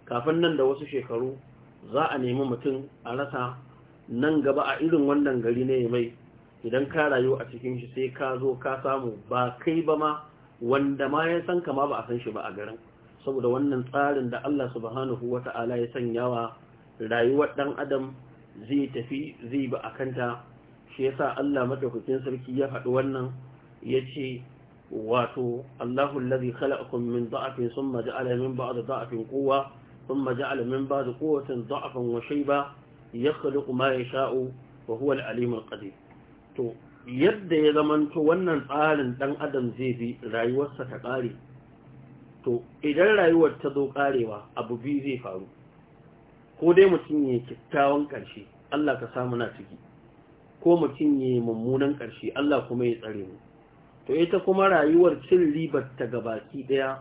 kafin nan da wasu shekaru za a nemi mutum a rasa nan gaba a irin wannan gari ne mai idan ka rayu a cikin shi sai ka zo ka samu ba kai ba ma wanda ma ya san kama ba a san shi ba a garin saboda wannan tsarin da Allah subhanahu ta'ala ya sanya wa rayuwar dan adam zai tafi zai ba akanta shi yasa Allah madaukakin sarki ya faɗi wannan yace wato Allahu allazi khalaqakum min da'afin thumma ja'ala min ba'di da'afin quwwa thumma ja'ala min ba'di quwwatin da'afan wa shayba yakhluqu ma yasha'u wa huwa al-alim qadir to yadda ya zamanto wannan tsarin dan adam zai bi rayuwarsa ta kare. to idan rayuwar ta zo karewa, abu biyu zai faru ko dai mutum ya kyakkyawan ƙarshe Allah ka samu na ciki ko mutum ya mummunan ƙarshe Allah kuma ya tsare mu to ita kuma rayuwar cin ribar ta gabaki ɗaya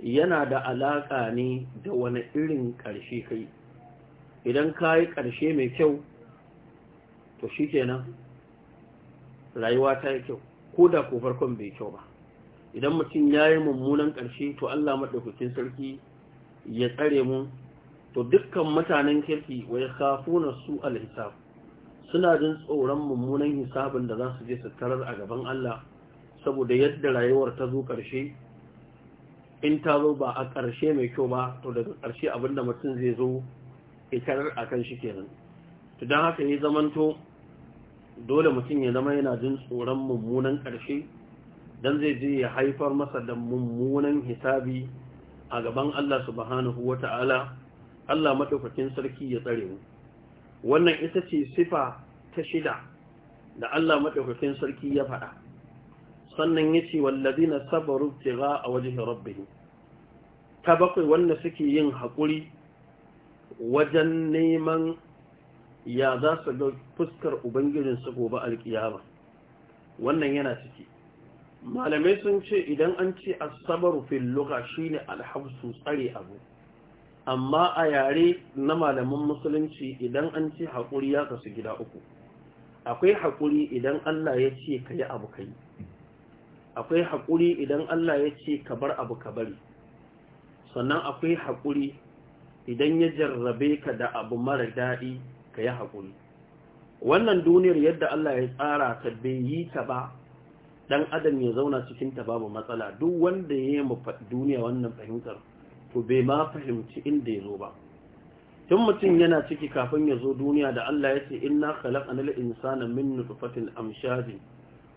yana da alaƙa ne da wani irin ƙarshe kai idan ka yi ƙarshe mai kyau to shi kenan rayuwa ta yi kyau ko da ko farkon bai kyau ba idan mutum ya yi mummunan ƙarshe to Allah maɗaukakin sarki ya tsare mu to dukkan mutanen kirki wa ya na su alhisab suna jin tsoron mummunan hisabin da za su je su tarar a gaban Allah saboda yadda rayuwar ta zo ƙarshe in ta zo ba a ƙarshe mai kyau ba to daga ƙarshe abinda mutum zai zo itarar a kan shi kenan to don haka ya zamanto dole mutum ya zama yana jin tsoron mummunan ƙarshe don zai je ya haifar masa da mummunan hisabi a gaban Allah subhanahu wa ta'ala Allah maɗaukakin sarki ya tsare mu wannan ita ce sifa ta shida da Allah maɗaukakin sarki ya faɗa sannan ya ce wallazi na sabarun tira a wajen rabbi. ta bakwai wanda suke yin haƙuri wajen neman ya za su ga fuskar ubangijinsu gobe alkiyama wannan yana ciki malamai sun ce idan an ce asabaru fil lugha shine alhabsu tsare abu amma a yare na malaman musulunci idan an ce haƙuri ya kasu gida uku akwai haƙuri idan Allah ya ce ka yi abu ka yi akwai haƙuri idan Allah ya ce ka bar abu ka bari sannan akwai haƙuri idan ya jarrabe ka da abu mara daɗi ka yi haƙuri wannan duniyar yadda Allah ya tsara ta bai yi ta ba ɗan adam ya zauna cikin ta babu matsala duk wanda ya yi duniya wannan fahimtar to bai ma fahimci inda ya zo ba tun mutum yana ciki kafin ya zo duniya da Allah ya ce inna khalaqana al-insana min nutfatin amshaji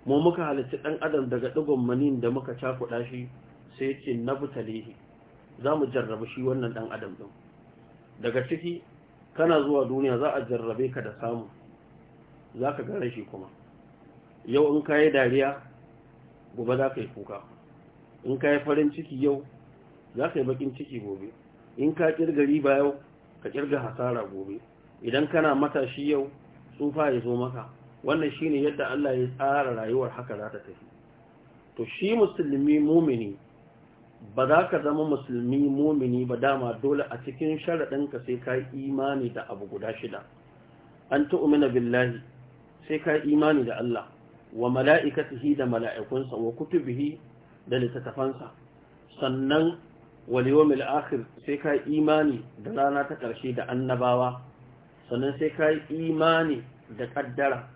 mu muka halarci ɗan adam daga ɗigon manin da muka cakuɗa shi sai ya ce za mu jarraba shi wannan ɗan adam ɗin. daga ciki kana zuwa duniya za a jarrabe ka da samu za ka gane shi kuma yau in ka yi dariya gobe za ka yi kuka in ka yi farin ciki yau za ka yi bakin ciki gobe in ka kirga riba yau ka kirga hasara gobe idan kana matashi yau tsufa ya zo maka wannan shine yadda Allah ya tsara rayuwar haka za ta tafi to shi musulmi mumini ba za ka zama musulmi mumini ba dama dole a cikin sharaɗin ka sai ka imani da abu guda shida an tu'mina billahi sai ka imani da Allah wa mala'ikatihi da mala'ikunsa wa kutubihi da littattafansa sannan wal yawmil sai ka imani da rana ta ƙarshe da annabawa sannan sai ka imani da ƙaddara,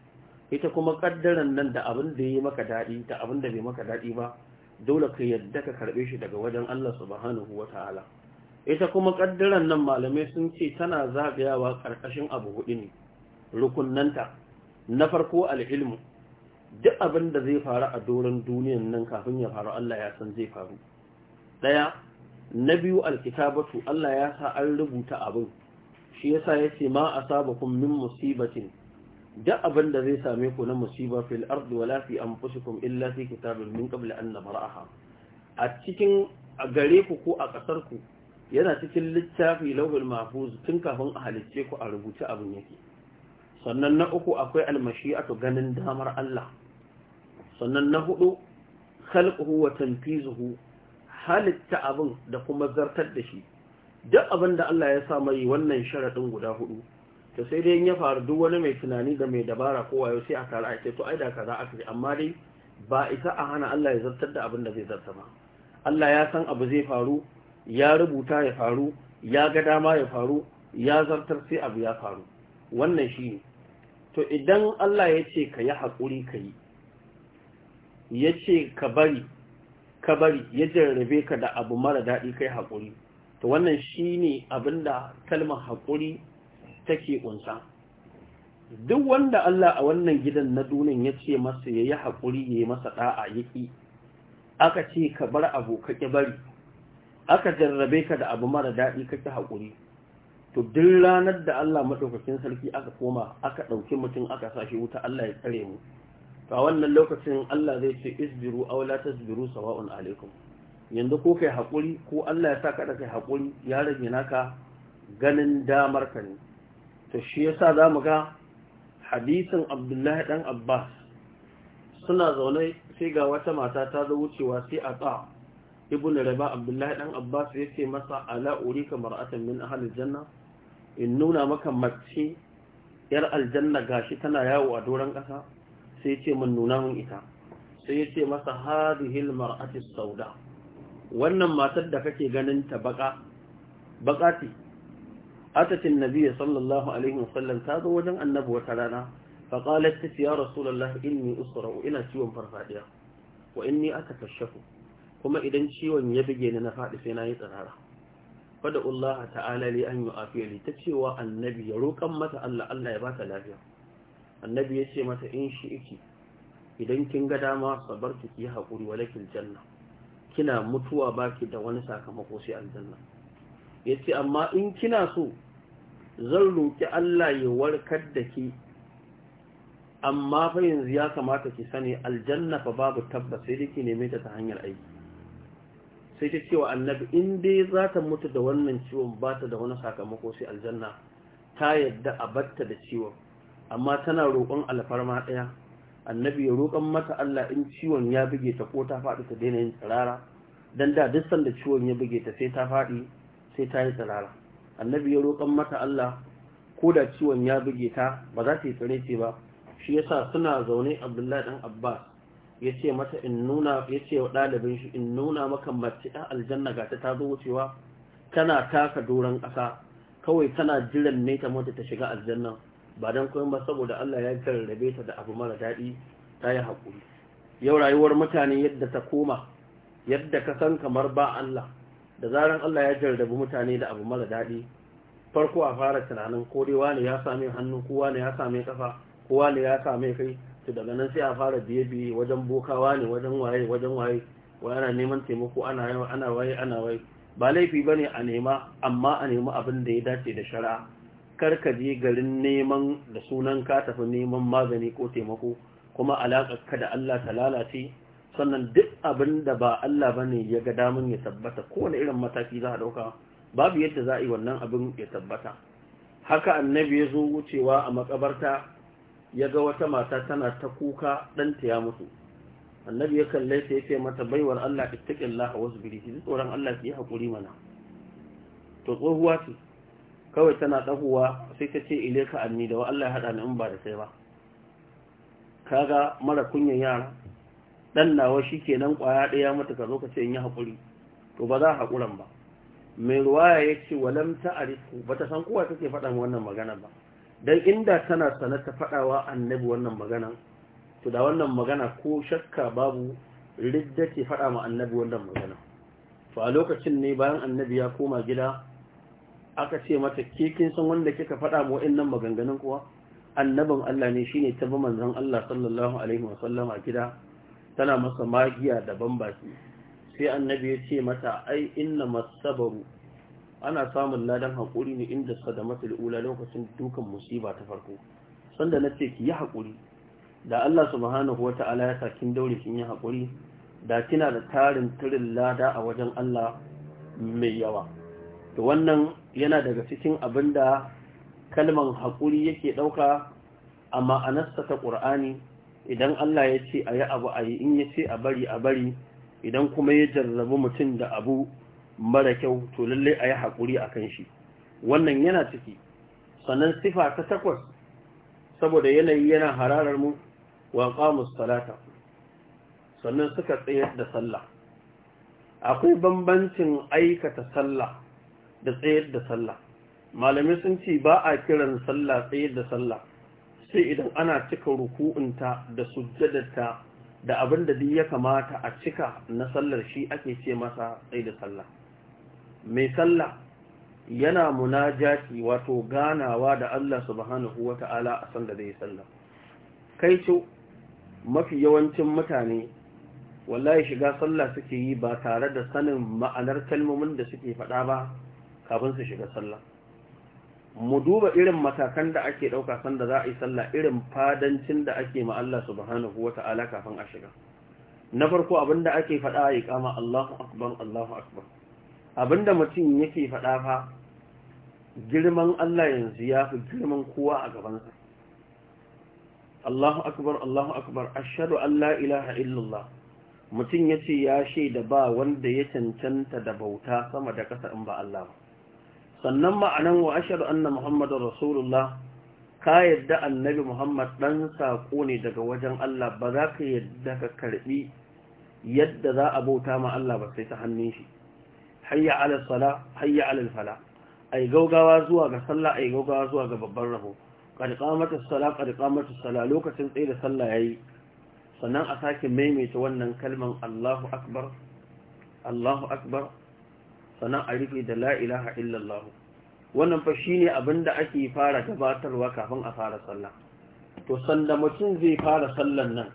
ita kuma kaddaran nan da abin da ya maka daɗi da abin da bai maka daɗi ba dole ka yadda ka karbe shi daga wajen Allah subhanahu wata'ala ita kuma kaddaran nan malamai sun ce tana zagayawa karkashin abu hudu ne rukunnanta na farko al'ilmu duk abin da zai faru a doron duniyan nan kafin ya faru Allah ya san zai faru daya na biyu alkitabatu Allah ya sa an rubuta abin shi yasa yace ma asabakum min musibatin Da abin da zai same ku na musiba fil ardi wala fi anfusikum illa fi kitabin min qabl an nabraha a cikin gare ku ko a kasar ku yana cikin littafi lawhul mahfuz tun kafin a halicce ku a rubuce abin yake sannan na uku akwai almashi'atu ganin damar Allah sannan na hudu khalquhu wa tanfizuhu halitta abin da kuma zartar da shi duk abin da Allah ya sa mai wannan sharadin guda hudu to sai dai in ya faru duk wani mai tunani da mai dabara ko wayo sai a tare a ce to ai da kaza aka yi amma dai ba ita a hana Allah ya zartar da abin da zai zarta ba Allah ya san abu zai faru ya rubuta ya faru ya ga dama ya faru ya zartar sai abu ya faru wannan shi to idan Allah ya ce ka yi haƙuri ka yi ya ce ka bari ka bari ya jarrabe ka da abu mara daɗi kai haƙuri to wannan shi ne da kalmar haƙuri take kunsa duk wanda Allah a wannan gidan na dunin ya ce masa ya yi haƙuri ya yi masa ɗa'a ya ƙi aka ce ka bar abu ka ƙi bari aka jarrabe ka da abu mara daɗi ka ƙi haƙuri to duk ranar da Allah maɗaukakin sarki aka koma aka ɗauki mutum aka sa shi wuta Allah ya tsare mu to a wannan lokacin Allah zai ce isbiru aw la tasbiru sawa'un alaikum yanzu ko kai haƙuri ko Allah ya sa ka da kai haƙuri ya rage naka ganin damar ka ne ta shi sa za mu ga hadisin abdullahi Ɗan abbas suna zaune sai ga wata mata ta zo wucewa sai a tsa ibn raba abdullahi Ɗan abbas ya ce masa ala urika mar'atan min ahli janna in nuna maka mace yar aljanna gashi tana yawo a doron ƙasa? sai ce mun nuna mun ita sai ya ce masa hadihil mar'ati sauda wannan matar da kake ganin ta baka baka ce atatin Nabiya sallallahu alaihi wasallam ta zo wajen annabi wata rana fa qalat ta ya rasulullah inni usra'u ina ciwon farfadiya wa inni atakashafu kuma idan ciwon ya bige ni na faɗi sai na yi tsirara fada Allah ta'ala li an yu'afiya li ta cewa annabi ya roƙan mata Allah Allah ya bata lafiya annabi ya ce mata in shi iki idan kin ga dama sabarki ki haƙuri walakin janna kina mutuwa baki da wani sakamako sai aljanna ya ce amma in kina so zan roƙi Allah ya warkar da ki amma fa yanzu ya kamata ki sani aljanna fa babu tabbas sai dai ki neme ta hanyar aiki sai ta cewa annabi in dai za ta mutu da wannan ciwon ba ta da wani sakamako sai aljanna ta yadda a batta da ciwon amma tana roƙon alfarma ɗaya annabi ya roƙon mata Allah in ciwon ya buge ta ko ta faɗi ta daina yin tsirara dan da duk sanda ciwon ya buge ta sai ta faɗi sai ta yi tsirara annabi ya roƙon mata Allah ko da ciwon ya buge ta ba za ta yi tsire ce ba shi ya sa suna zaune abdullahi ɗan abbas ya ce mata in nuna ya ce wa ɗalibin shi in nuna maka mace ɗan aljanna ga ta zo wucewa tana taka doron ƙasa kawai tana jiran ne ta mata ta shiga aljanna ba don koyon ba saboda Allah ya jarrabe ta da abu mara daɗi ta yi haƙuri yau rayuwar mutane yadda ta koma yadda ka san kamar ba Allah da zaran Allah ya jarrabu mutane da abu mara daɗi farko a fara tunanin ko dai wani ya same hannu ko wani ya same kafa ko wani ya same kai to daga nan sai a fara biye biye wajen bokawa ne wajen waye wajen waye wai ana neman taimako ana yawa ana waye ana waye ba laifi bane a nema amma a nemi abin da ya dace da shara. kar ka je garin neman da sunan ka tafi neman magani ko taimako kuma alaƙar ka da Allah ta lalace sannan duk abin da ba Allah ba ne ya ga damun ya tabbata kowane irin mataki za a ɗauka babu yadda za a yi wannan abin ya tabbata haka annabi ya zo wucewa a makabarta ya ga wata mata tana ta kuka ɗanta ya mutu annabi ya kalle ta ya ce mata baiwar Allah ittaqillah wa wasbiri shi tsoron Allah ki hakuri mana to tsohuwa ce kawai tana dahuwa sai ta ce ileka anni da wa Allah ya hada ni in ba da sai ba kaga mara kunyan yara Ɗan nawa shi kenan kwaya daya mata ka zo ka ce in yi hakuri to ba za haƙuran ba mai ruwaya yace walam Ba ta san kowa take faɗa wannan magana ba dan inda tana sanar ta faɗawa annabi wannan magana to da wannan magana ko shakka babu ridda ke faɗa ma annabi wannan magana to a lokacin ne bayan annabi ya koma gida aka ce mata ke kin san wanda kika faɗa ma wa'annan maganganun kuwa annabin Allah ne shine ta bi manzon Allah sallallahu alaihi wa sallama gida tana masa magiya daban baki sai annabi ya ce mata ai inna masabaru ana samun ladan hakuri ne inda masa ula lokacin dukan musiba ta farko sanda na ce ki yi haƙuri da Allah subhanahu wata'ala ya sa kin daure kin yi haƙuri da kina da tarin turin lada a wajen Allah mai yawa to wannan yana daga cikin abinda kalman 'hakuri' yake ɗauka a ma'anarsa ta ƙur'ani idan Allah ya ce a yi abu a yi in ya ce a bari a bari idan kuma ya jarrabu mutum da abu mara kyau to lallai a yi haƙuri a kan shi wannan yana ciki sannan sifa ta takwas saboda yanayi yana hararar mu wa ƙamus salata sannan suka tsayar da sallah akwai bambancin aikata sallah da tsayar da sallah malamai sun ce ba a kiran sallah tsayar da sallah sai idan ana cika ruku'unta da sujjadarta da abin da duk ya kamata a cika na sallar shi ake ce masa tsaye da sallah mai sallah yana munajati wato ganawa da Allah subhanahu wata'ala a san da zai sallah kai ce mafi yawancin mutane wallahi shiga sallah suke yi ba tare da sanin ma'anar kalmomin da suke faɗa ba kafin su shiga sallah mu duba irin matakan da ake ɗauka sanda za a yi sallah irin fadancin da ake ma Allah subhanahu Wata'ala kafin a shiga na farko abinda ake faɗa ya kama Allahu akbar Allahu akbar abinda mutum yake faɗa fa girman Allah yanzu ya fi girman kowa a gabansa Allahu akbar Allahu akbar ashhadu an la ilaha illallah mutum yace ya shaida ba wanda ya cancanta da bauta sama da ƙasa in ba Allah ba sannan ma'anan wa ashhadu anna muhammadar rasulullah ka yadda annabi muhammad dan sako ne daga wajen Allah ba za ka yadda ka karbi yadda za a bauta ma Allah ba sai ta hannun shi hayya ala sala hayya ala fala gaugawa zuwa ga sallah ai gaugawa zuwa ga babban rabo qad sala sala lokacin tsaye da sallah yayi sannan a sake maimaita wannan kalman Allahu akbar Allahu akbar sannan a rufe da la ilaha illallah wannan fa shine abin da ake fara gabatarwa kafin a fara sallah to sanda mutum zai fara sallan nan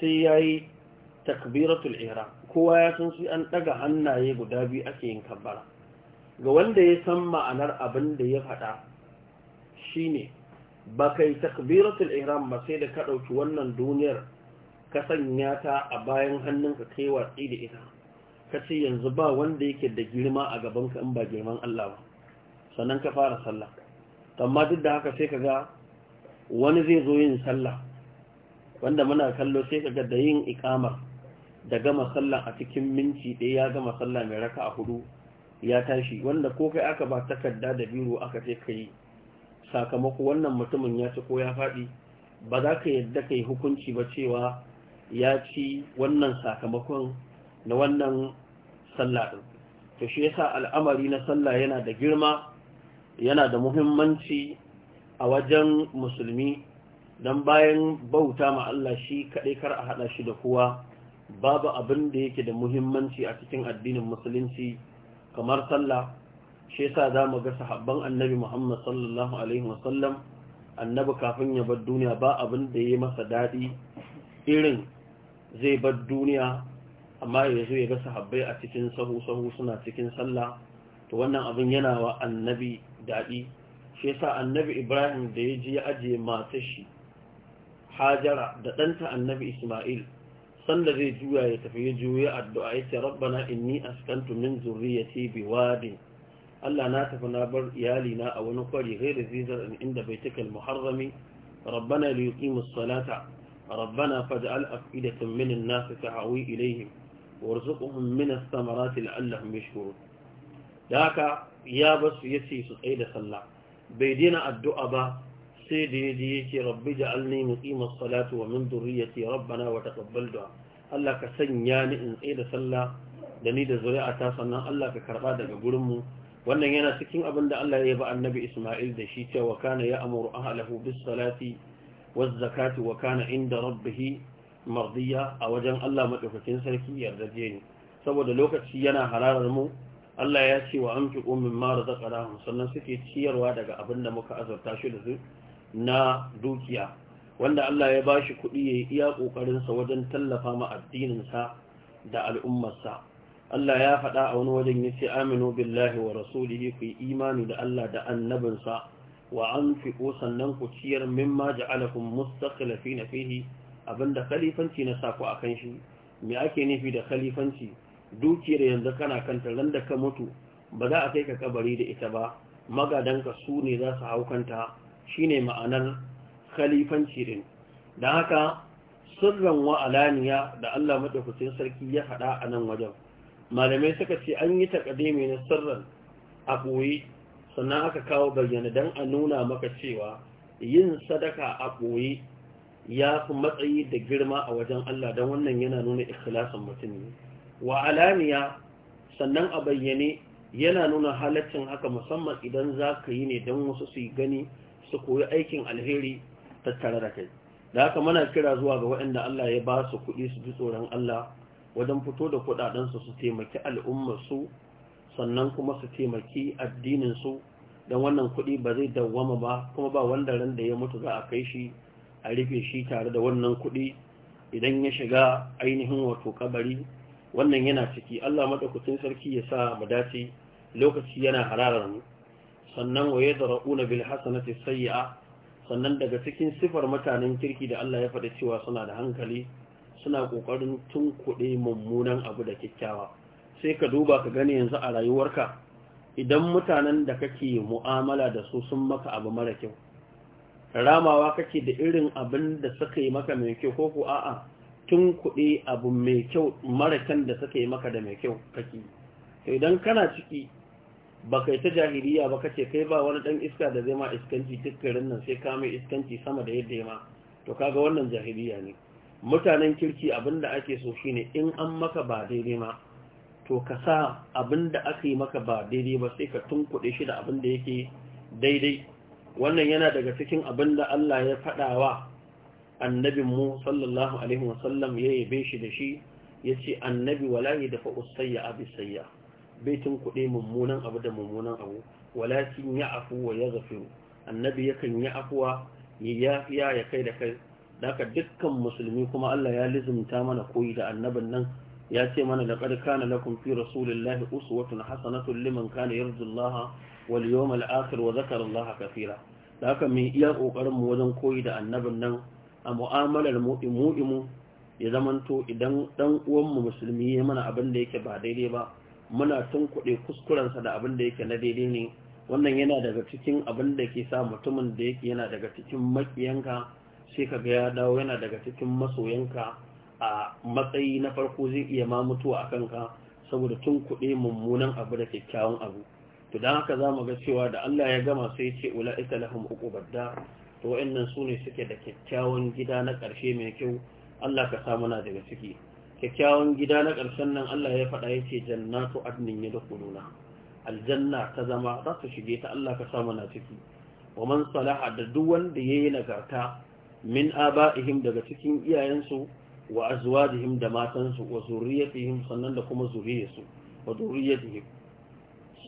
sai yayi takbiratul ihram kowa ya san sai an daga hannaye guda biyu ake yin kabbara ga wanda ya san ma'anar abin da ya faɗa shine ba kai takbiratul ihram ba sai da ka ɗauki wannan duniyar ka sanya ta a bayan hannunka kai watsi da ita ka ce yanzu ba wanda yake da girma a gabanka in ba girman Allah ba sannan ka fara sallah amma duk da haka sai ka ga wani zai zo yin sallah wanda muna kallo sai ka ga da yin ikamar da gama sallah a cikin minti ɗaya ya gama sallah mai raka a hudu ya tashi wanda ko kai aka ba takarda da biro aka ce ka yi sakamako wannan mutumin ya ci ko ya faɗi ba za ka yadda ka yi hukunci ba cewa ya ci wannan sakamakon na wannan sallah ɗin to shi yasa al'amari na sallah yana da girma yana da muhimmanci a wajen musulmi don bayan bauta ma Allah shi kaɗai kar a haɗa shi da kowa babu abin da yake da muhimmanci a cikin addinin musulunci kamar sallah shi yasa za mu ga sahabban annabi Muhammad sallallahu alaihi wasallam annabi kafin ya bar duniya ba abin da ya masa daɗi irin zai bar duniya amma ya zo ya ga sahabbai a cikin sahu sahu suna cikin sallah to wannan abin yana wa annabi daɗi shi yasa annabi ibrahim da ya ji ya ajiye matar shi hajara da ɗanta annabi isma'il sanda zai juya ya tafi ya juya addu'a ya ce rabbana inni askantu min zurriyati wadin Allah na tafi na bar iyalina a wani kwari ghairu zizar inda bai baitikal muharrami rabbana liyuqimus salata rabbana faj'al afidatin min an-nas tahawi ilayhim warzuqhum min ath-thamarati la'allahum yashkurun da haka ya basu yace su tsaye da sallah bai dina addu'a ba sai da yaji yake rabbi ja'alni muqimas salati wa min dhurriyyati rabbana wa taqabbal du'a Allah ka sanya ni in tsaye da sallah da ni da ta sannan Allah ka karba daga gurin mu wannan yana cikin abin da Allah ya ba annabi Ismail da shi cewa kana ya amuru ahlahu bis salati waz zakati wa kana inda rabbihi mardiya a wajen Allah madaukakin sarki yardaje ne saboda lokaci yana halarar mu Allah ya ce wa amfiqu mimma razaqnahum sannan suke ciyarwa daga abin da muka azurta shi da su na dukiya wanda Allah ya bashi kuɗi yayi iya kokarin sa wajen tallafa ma addinin sa da al'ummar sa Allah ya faɗa a wani wajen yace aminu billahi wa rasulihi ku imani da Allah da annabinsa wa anfiqu sannan ku ciyar mimma ja'alakum mustakhlifina fihi Abin da khalifanci na sako a kan shi me ake nufi da khalifanci dukiyar yanzu kana kanta ran da ka mutu ba za a kai ka kabari da ita ba magadanka su ne za su hau kanta shine ma'anar khalifanci din don haka sirran alaniya da Allah madaukakin sarki ya faɗa a nan wajen malamai suka ce an yi takadimi na sirran a ɓoye sannan aka kawo bayyana don a nuna maka cewa yin sadaka a ɓoye ya fi matsayi da girma a wajen Allah don wannan yana nuna ikhlasin mutum ne wa alaniya sannan a bayyane yana nuna halaccin haka musamman idan za ka yi ne don wasu su gani su koyi aikin alheri tattare da kai da haka mana kira zuwa ga waɗanda Allah ya ba su kuɗi su ji tsoron Allah wajen fito da kuɗaɗensu su taimaki su sannan kuma su taimaki addinin su don wannan kuɗi ba zai dawwama ba kuma ba wanda ran da ya mutu za a kai shi a rufe shi tare da wannan kuɗi idan ya shiga ainihin wato kabari wannan yana ciki Allah madaukakin sarki ya sa mu dace lokaci yana hararar mu sannan wa yadra'una bil hasanati sayyi'a sannan daga cikin sifar mutanen kirki da Allah ya faɗi cewa suna da hankali suna kokarin tun kuɗi mummunan abu da kyakkyawa sai ka duba ka gani yanzu a rayuwarka idan mutanen da kake mu'amala da su sun maka abu mara kyau ramawa kake da irin abin da suka yi maka mai kyau ko ku a'a tun kuɗi abu mai kyau mara da suka yi maka da mai kyau kake to idan kana ciki ba kai ta jahiliya ba kace kai ba wani dan iska da zai ma iskanci dukkanin nan sai ka mai iskanci sama da yadda ya ma to kaga wannan jahiliya ne mutanen kirki abinda ake so shine in an maka ba daidai ma to ka sa abinda aka yi maka ba daidai ba sai ka tunkuɗe shi da abinda yake daidai wannan yana daga cikin abin da Allah ya faɗawa annabin mu sallallahu alaihi wasallam ya yabe shi da shi ya ce annabi wala ya dafa usayya abi sayya baitin kuɗi mummunan abu da mummunan abu walakin ya afu wa ya zafiru annabi yakan yi afuwa ya yafiya ya kai da kai daga dukkan musulmi kuma Allah ya lizumta mana koyi da annabin nan ya ce mana laqad na lakum fi rasulillahi uswatun hasanatun liman kana yarjullaha wal yawmal akhir wa dhakara Allah da haka mai iya ƙoƙarinmu wajen koyi da annabin nan a mu'amalar mu'imu ya zamanto idan ɗan uwanmu musulmi ya mana abin da yake ba daidai ba muna tun kuɗe kuskurensa da abin da yake na daidai ne wannan yana daga cikin abin da ke sa mutumin da yake yana daga cikin makiyanka sai ka ga ya dawo yana daga cikin masoyanka a matsayi na farko zai iya ma a kanka saboda tun kuɗe mummunan abu da kyakkyawan abu to dan haka zamu ga cewa da Allah ya gama sai ya ce ula'ika lahum badda to wayannan sune suke da kyakkyawan gida na karshe mai kyau Allah ka samu na daga ciki kyakkyawan gida na karshen nan Allah ya faɗa ya ce jannatu adnin yadkhuluna aljanna ta zama za su shige ta Allah ka samu na ciki wa man salaha da duk wanda ya yayi nagarta min aba'ihim daga cikin iyayensu wa azwajihim da matansu wa zuriyatihim sannan da kuma zuriyarsu wa zuriyatihim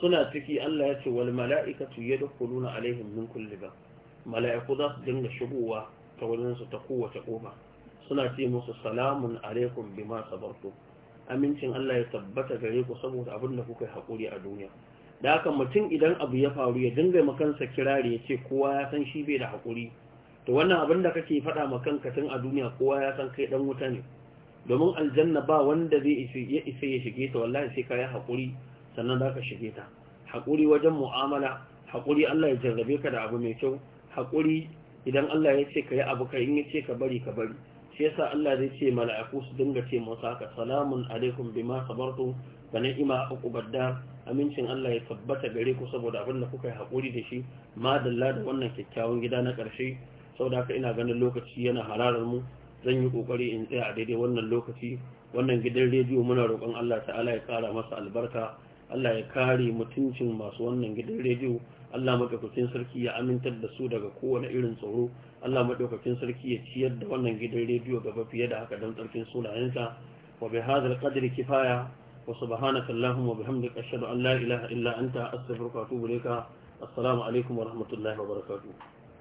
suna ciki Allah ya ce wal mala'ikatu yadkhuluna alaihim min kulli bab mala'iku za su dinga shigowa ta wurin ta kowace kofa suna ce musu salamun alaikum bima sabartu amincin Allah ya tabbata gare ku saboda abin da kuka yi hakuri a duniya da haka mutum idan abu ya faru ya dinga makansa kirari ya ce kowa ya san shi bai da hakuri to wannan abin da kake faɗa ma kanka tun a duniya kowa ya san kai dan wuta ne domin aljanna ba wanda zai isa ya shige ta wallahi sai ka yi hakuri sannan za ka shige ta haƙuri wajen mu'amala haƙuri Allah ya jarrabe ka da abu mai kyau haƙuri idan Allah ya ce ka yi abu kai in ya ce ka bari ka bari shi yasa Allah zai ce mala'iku su dinga ce masa ka salamun alaikum bima sabartu da ni'ima badda amincin Allah ya tabbata gare ku saboda abin da kuka yi haƙuri da shi madalla da wannan kyakkyawan gida na ƙarshe saboda haka ina ganin lokaci yana hararar mu zan yi ƙoƙari in tsaya a daidai wannan lokaci wannan gidan rediyo muna roƙon Allah ta'ala ya ƙara masa albarka Allah ya kare mutuncin masu wannan gidan rediyo Allah madaukakin sarki ya amintar da su daga kowane irin tsoro Allah madaukakin sarki ya ciyar da wannan gidan rediyo gaba fiye da haka don tsarkin sunayensa wa bi hadal qadri kifaya wa subhanaka allahumma wa bihamdika ashhadu an la ilaha illa anta astaghfiruka wa atubu ilayka assalamu alaikum wa rahmatullahi wa barakatuh